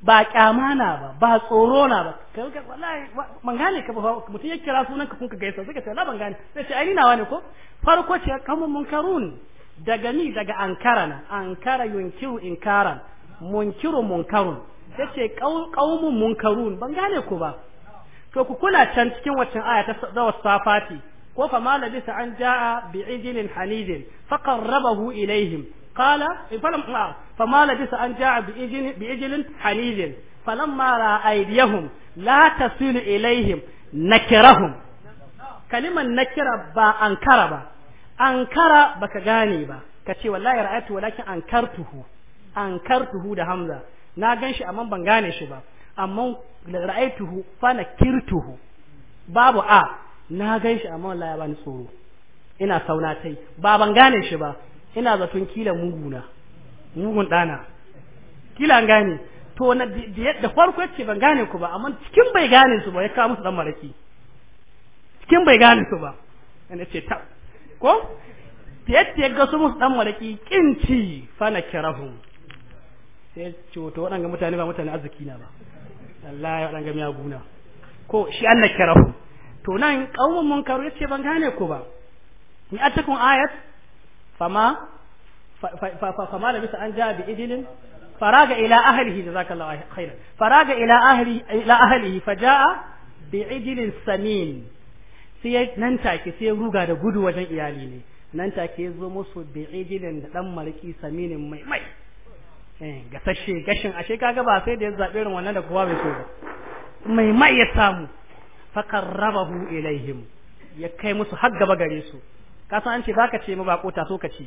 ba kyamana ba ba tsoro na ba man gane ka ba mutum ya kira sunan ka kuka gaisa suka ce ban gane sai ce ai nawa ne ko farko ce kamun munkarun daga ni daga ankara na ankara yunkiru inkaran munkiru munkarun sai ce mun munkarun ban gane ku ba to ku kula can cikin waccan aya ta dawas safati ko fa ma labisa an jaa bi ijlin hanidin fa qarrabahu ilaihim qala falam fa ma labisa an jaa bi ijlin bi ijlin hanidin falamma ra aydiyahum la tasilu ilaihim nakirahum kaliman nakira ba ankara ba ankara baka gane ba ka ce wallahi ra'aytu walakin ankartuhu ankartuhu da hamza na gan shi amma ban gane shi ba amma ra'aytuhu fa nakirtuhu babu a na gan shi amma wallahi ya bani tsoro ina sauna tai ba ban gane shi ba ina zaton kila muguna mugun dana kila an gane to na da farko yace ban gane ku ba amma cikin bai gane su ba ya kawo musu dan maraki cikin bai gane su ba ina ce ta ko yadda ya gasu musu dan maraki kinci fa na kirahum sai ce to waɗanga mutane ba mutane arziki na ba Allah ya waɗanga miya guna ko shi an na kirahum to nan kaumun munkaru yace ban gane ku ba ni a cikin ayat fama fama da bisa an ja bi idilin faraga ila ahlihi jazakallahu khairan faraga ila ahli ila ahlihi fajaa bi idilin samin sai nan take sai ruga da gudu wajen iyali ne nan take ya zo musu bi idilin da dan mariki saminin mai mai eh gasashe gashin ashe kaga ba sai da ya zabe irin wannan da kowa bai so ba mai mai ya samu fakarrabahu ilaihim ya kai musu har gaba gare su ka san an ce zaka ce mu bako ta so ka ci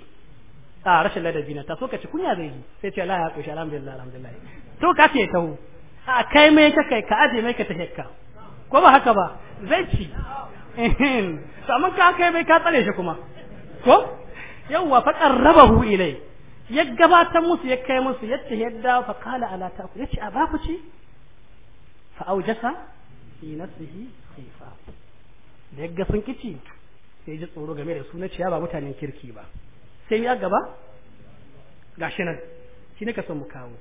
a rashin ladabi na ta so ka ci kunya zai yi sai ce Allah ya koshi alhamdulillah alhamdulillah to ka ce tawo a kai mai ka kai ka aje mai ka ta hekka ko ba haka ba zai ci to amma ka kai mai ka tsare shi kuma ko yawwa faqarrabahu ilai ya gabatar musu ya kai musu yadda yadda fa qala ala ta ku yace a ba ku ci fa aujasa fi nafsihi khifa da yagga sun kici sai ji tsoro game da sunan ciya ba mutanen kirki ba sai ya gaba gashi nan shi ne ka san mu kawo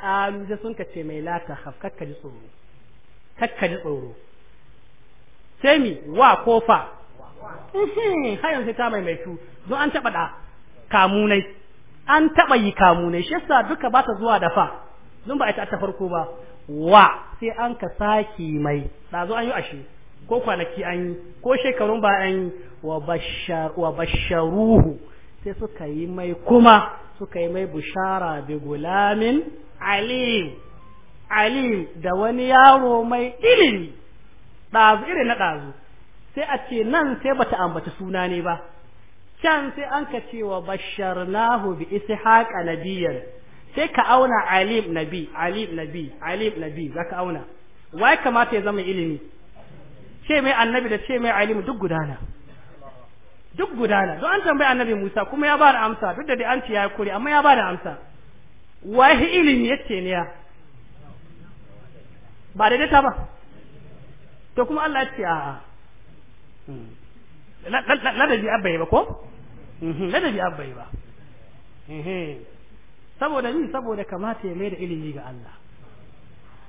kalu da sun kace mai lata hafkakka ji tsoro kakka ji tsoro sai mi wa kofa har yanzu ta mai tu zo an taɓa da kamunai an taɓa yi kamunai shi yasa duka ba ta zuwa dafa zun ba a ta farko ba wa sai an ka saki mai ɗazu an yi ashe ko kwanaki an yi ko shekarun ba an yi wa basharuhu sai suka yi mai kuma suka yi mai bushara bi gulamin alim alim da wani yaro mai ilimi ɗazu irin na ɗazu sai a ce nan sai bata ambaci suna ne ba can sai an ka ce wa basharnahu bi ishaqa nabiyyan sai ka auna alim nabi alim nabi alim nabi za ka auna wai kamata ya zama ilimi ce mai annabi da ce mai alim duk gudana duk gudana don an tambayi annabi musa kuma ya ba da amsa duk da dai an ce ya kure amma ya ba da amsa wai ilimi ya ce niya ba daidai ta ba to kuma Allah ya ce a hmm. ladabi abba ba ko hmm, ladabi abba ba hmm, saboda ni saboda kamata ya mai da ilimi ga Allah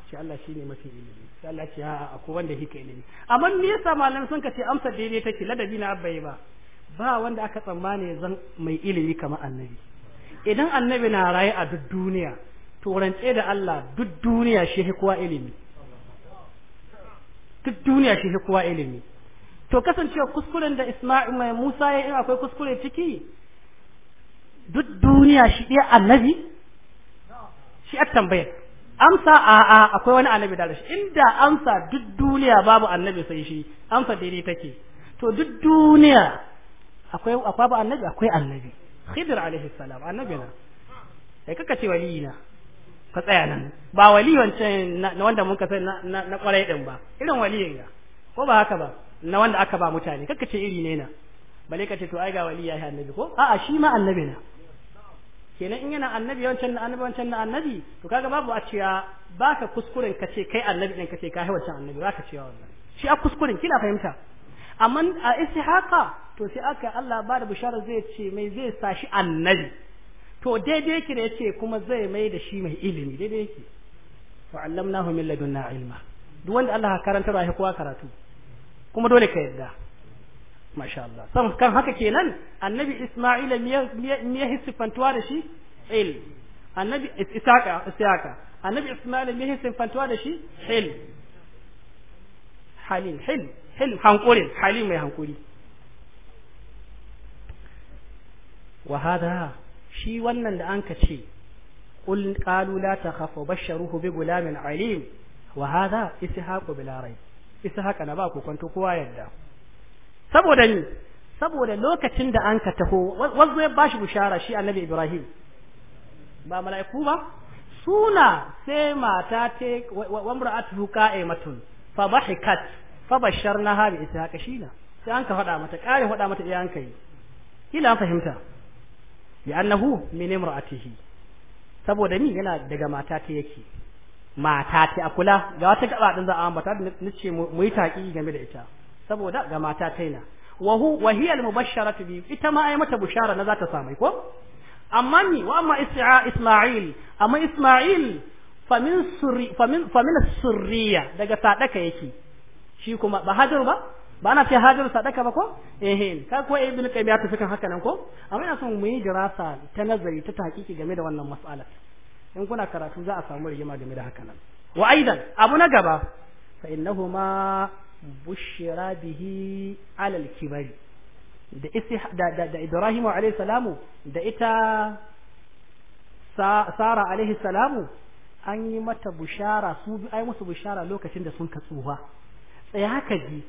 ce Allah shi ne mafi ilimi sai Allah ce a'a akwai wanda hika ilimi amma ya yasa malamai sun kace amsa daidai take ladabi na abbai ba ba wanda aka tsammani zan mai ilimi kamar annabi idan annabi na raye a duk duniya to rance da Allah duk duniya shi kowa ilimi duk duniya shi kowa ilimi to kasancewa kuskuren da Isma'il mai Musa ya yi akwai kuskure ciki duk duniya shi ɗaya annabi shi a tambayar amsa a a akwai wani annabi da shi inda amsa duk duniya babu annabi sai shi amsa daidai take to duk duniya akwai akwai babu annabi akwai annabi khidr alaihi salam annabi na sai kaka ce wali na ka tsaya nan ba wali wancan na wanda muka sai na kwarai din ba irin waliyin ga ko ba haka ba na wanda aka ba mutane kaka ce iri ne na bale ka ce to ai ga wali ya annabi ko a'a shi ma annabi na kenan in yana annabi wancan na annabi wancan na annabi to kaga babu a cewa baka kuskuren ka ce kai annabi din ka ce kai wancan annabi baka cewa wannan shi a kuskuren kina fahimta amma a istihaqa to sai aka Allah ba da bishara zai ce mai zai sa shi annabi to daidai yake da yace kuma zai mai da shi mai ilimi daidai yake na allamnahu min ladunna ilma duk wanda Allah karantar shi kowa karatu kuma dole ka yadda masha Allah sam kan haka kenan annabi Isma'ila me ya hissifantuwa da shi il annabi Isaka Isaka annabi Isma'ila me ya hissifantuwa da shi hil halin hil hil hankurin halin mai hankuri wa hada shi wannan da anka ce qul qalu la takhafu basharuhu bi gulamin alim wa hada ishaqu bila rayb ishaqa na ba ku kwanto yadda saboda ni saboda lokacin da an ka taho wanzu ya bashi bishara shi annabi ibrahim ba mala'iku ba suna sai mata te wa mar'atu qa'imatun fa bahikat fa ha bi ishaqa shina sai an ka fada mata kare fada mata iya kai kila fahimta ya annahu min imra'atihi saboda ni yana daga mata ta yake mata ta a kula ga wata gaba din za a ambata da ce mu yi taqi game da ita saboda ga mata taina wahu hu wa hiya al bi ita ma ai mata bushara na za ta samu ko amma ni wa amma Isma'il amma Isma'il famin surri famin famin surriya daga sadaka yake shi kuma ba hajar ba ba ana ce hajar sadaka ba ko eh ka ko ibn qayyim tafi kan haka nan ko amma ina son mu yi dirasa ta nazari ta tahqiqi game da wannan mas'ala in kuna karatu za a samu rigima game da haka nan wa aidan abu na gaba fa innahuma bushira bihi alal kibari da da da Ibrahim alayhi salamu da ita Sara alayhi salamu an yi mata bushara su ai musu bushara lokacin da sun katsuwa tsaya haka ji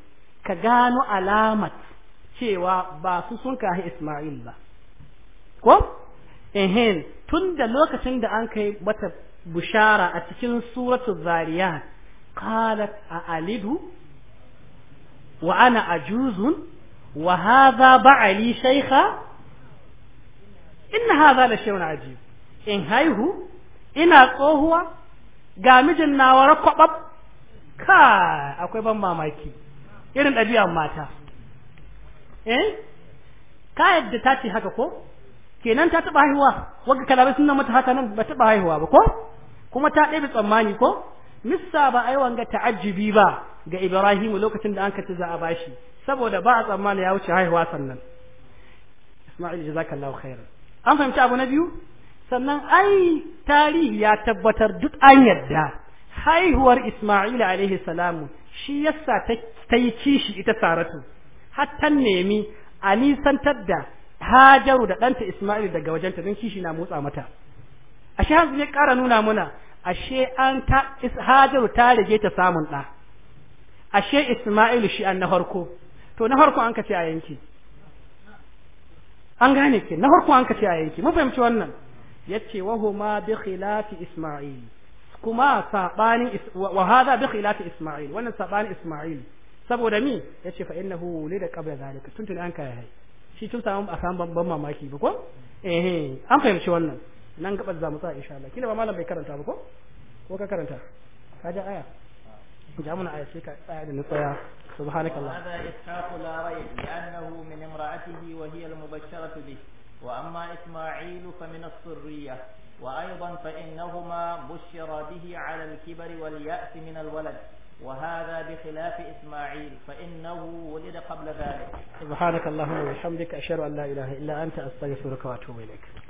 ka gano alamat cewa ba su sun kahi Isma'il ba ko ehen tun da lokacin da an kai mata bushara a cikin suratul zariyat qalat a alidu wa ana ajuzun wa hadha ba'ali shaykha in hadha la shay'un ajib in haihu ina tsohuwa ga mijin nawa rakwabab ka akwai ban mamaki irin ɗabi'an mata eh ka yadda ta ce haka ko kenan ta taɓa haihuwa wagga kalabai suna mata haka nan ba taɓa haihuwa ba ko kuma ta ɗebe tsammani ko missa ba ai wanga ta'ajjibi ba ga Ibrahim lokacin da an kace za a bashi saboda ba a tsammani ya wuce haihuwa sannan Isma'il jazakallahu khairan an fahimci abu na biyu sannan ai tarihi ya tabbatar duk an yadda haihuwar Isma'il alaihi salamu shi yasa ta yi kishi ita Saratu hatta nemi a nisantar da Hajaru da ɗanta Isma'il daga wajenta don kishi na motsa mata ashe hanzu ne ƙara nuna muna ashe an ta Hajaru ta rage ta samun ɗa ashe Isma'ilu shi an na farko to na farko an ka ce a yanki an gane ke na farko an ka ce a yanki mun fahimci wannan yace wa huma bi khilafi Isma'il kuma sabani wa hada bi khilafi Isma'il wannan sabani Isma'il saboda mi yace fa innahu da qabla zalika tun tun an ka yayi shi tun samu a samu ban mamaki ba ko eh an fahimci wannan nan gabar za mu tsaya insha Allah kila ba malam bai karanta ba ko ko ka karanta ka ja aya جامعنا على شيء قاعد نطيع سبحانك الله هذا إسحاق لا ريب لأنه من امرأته وهي المبشرة به وأما إسماعيل فمن السرية وأيضا فإنهما بشر به على الكبر واليأس من الولد وهذا بخلاف إسماعيل فإنه ولد قبل ذلك سبحانك اللهم وبحمدك أشهد أن لا إله إلا أنت أستغفرك وأتوب إليك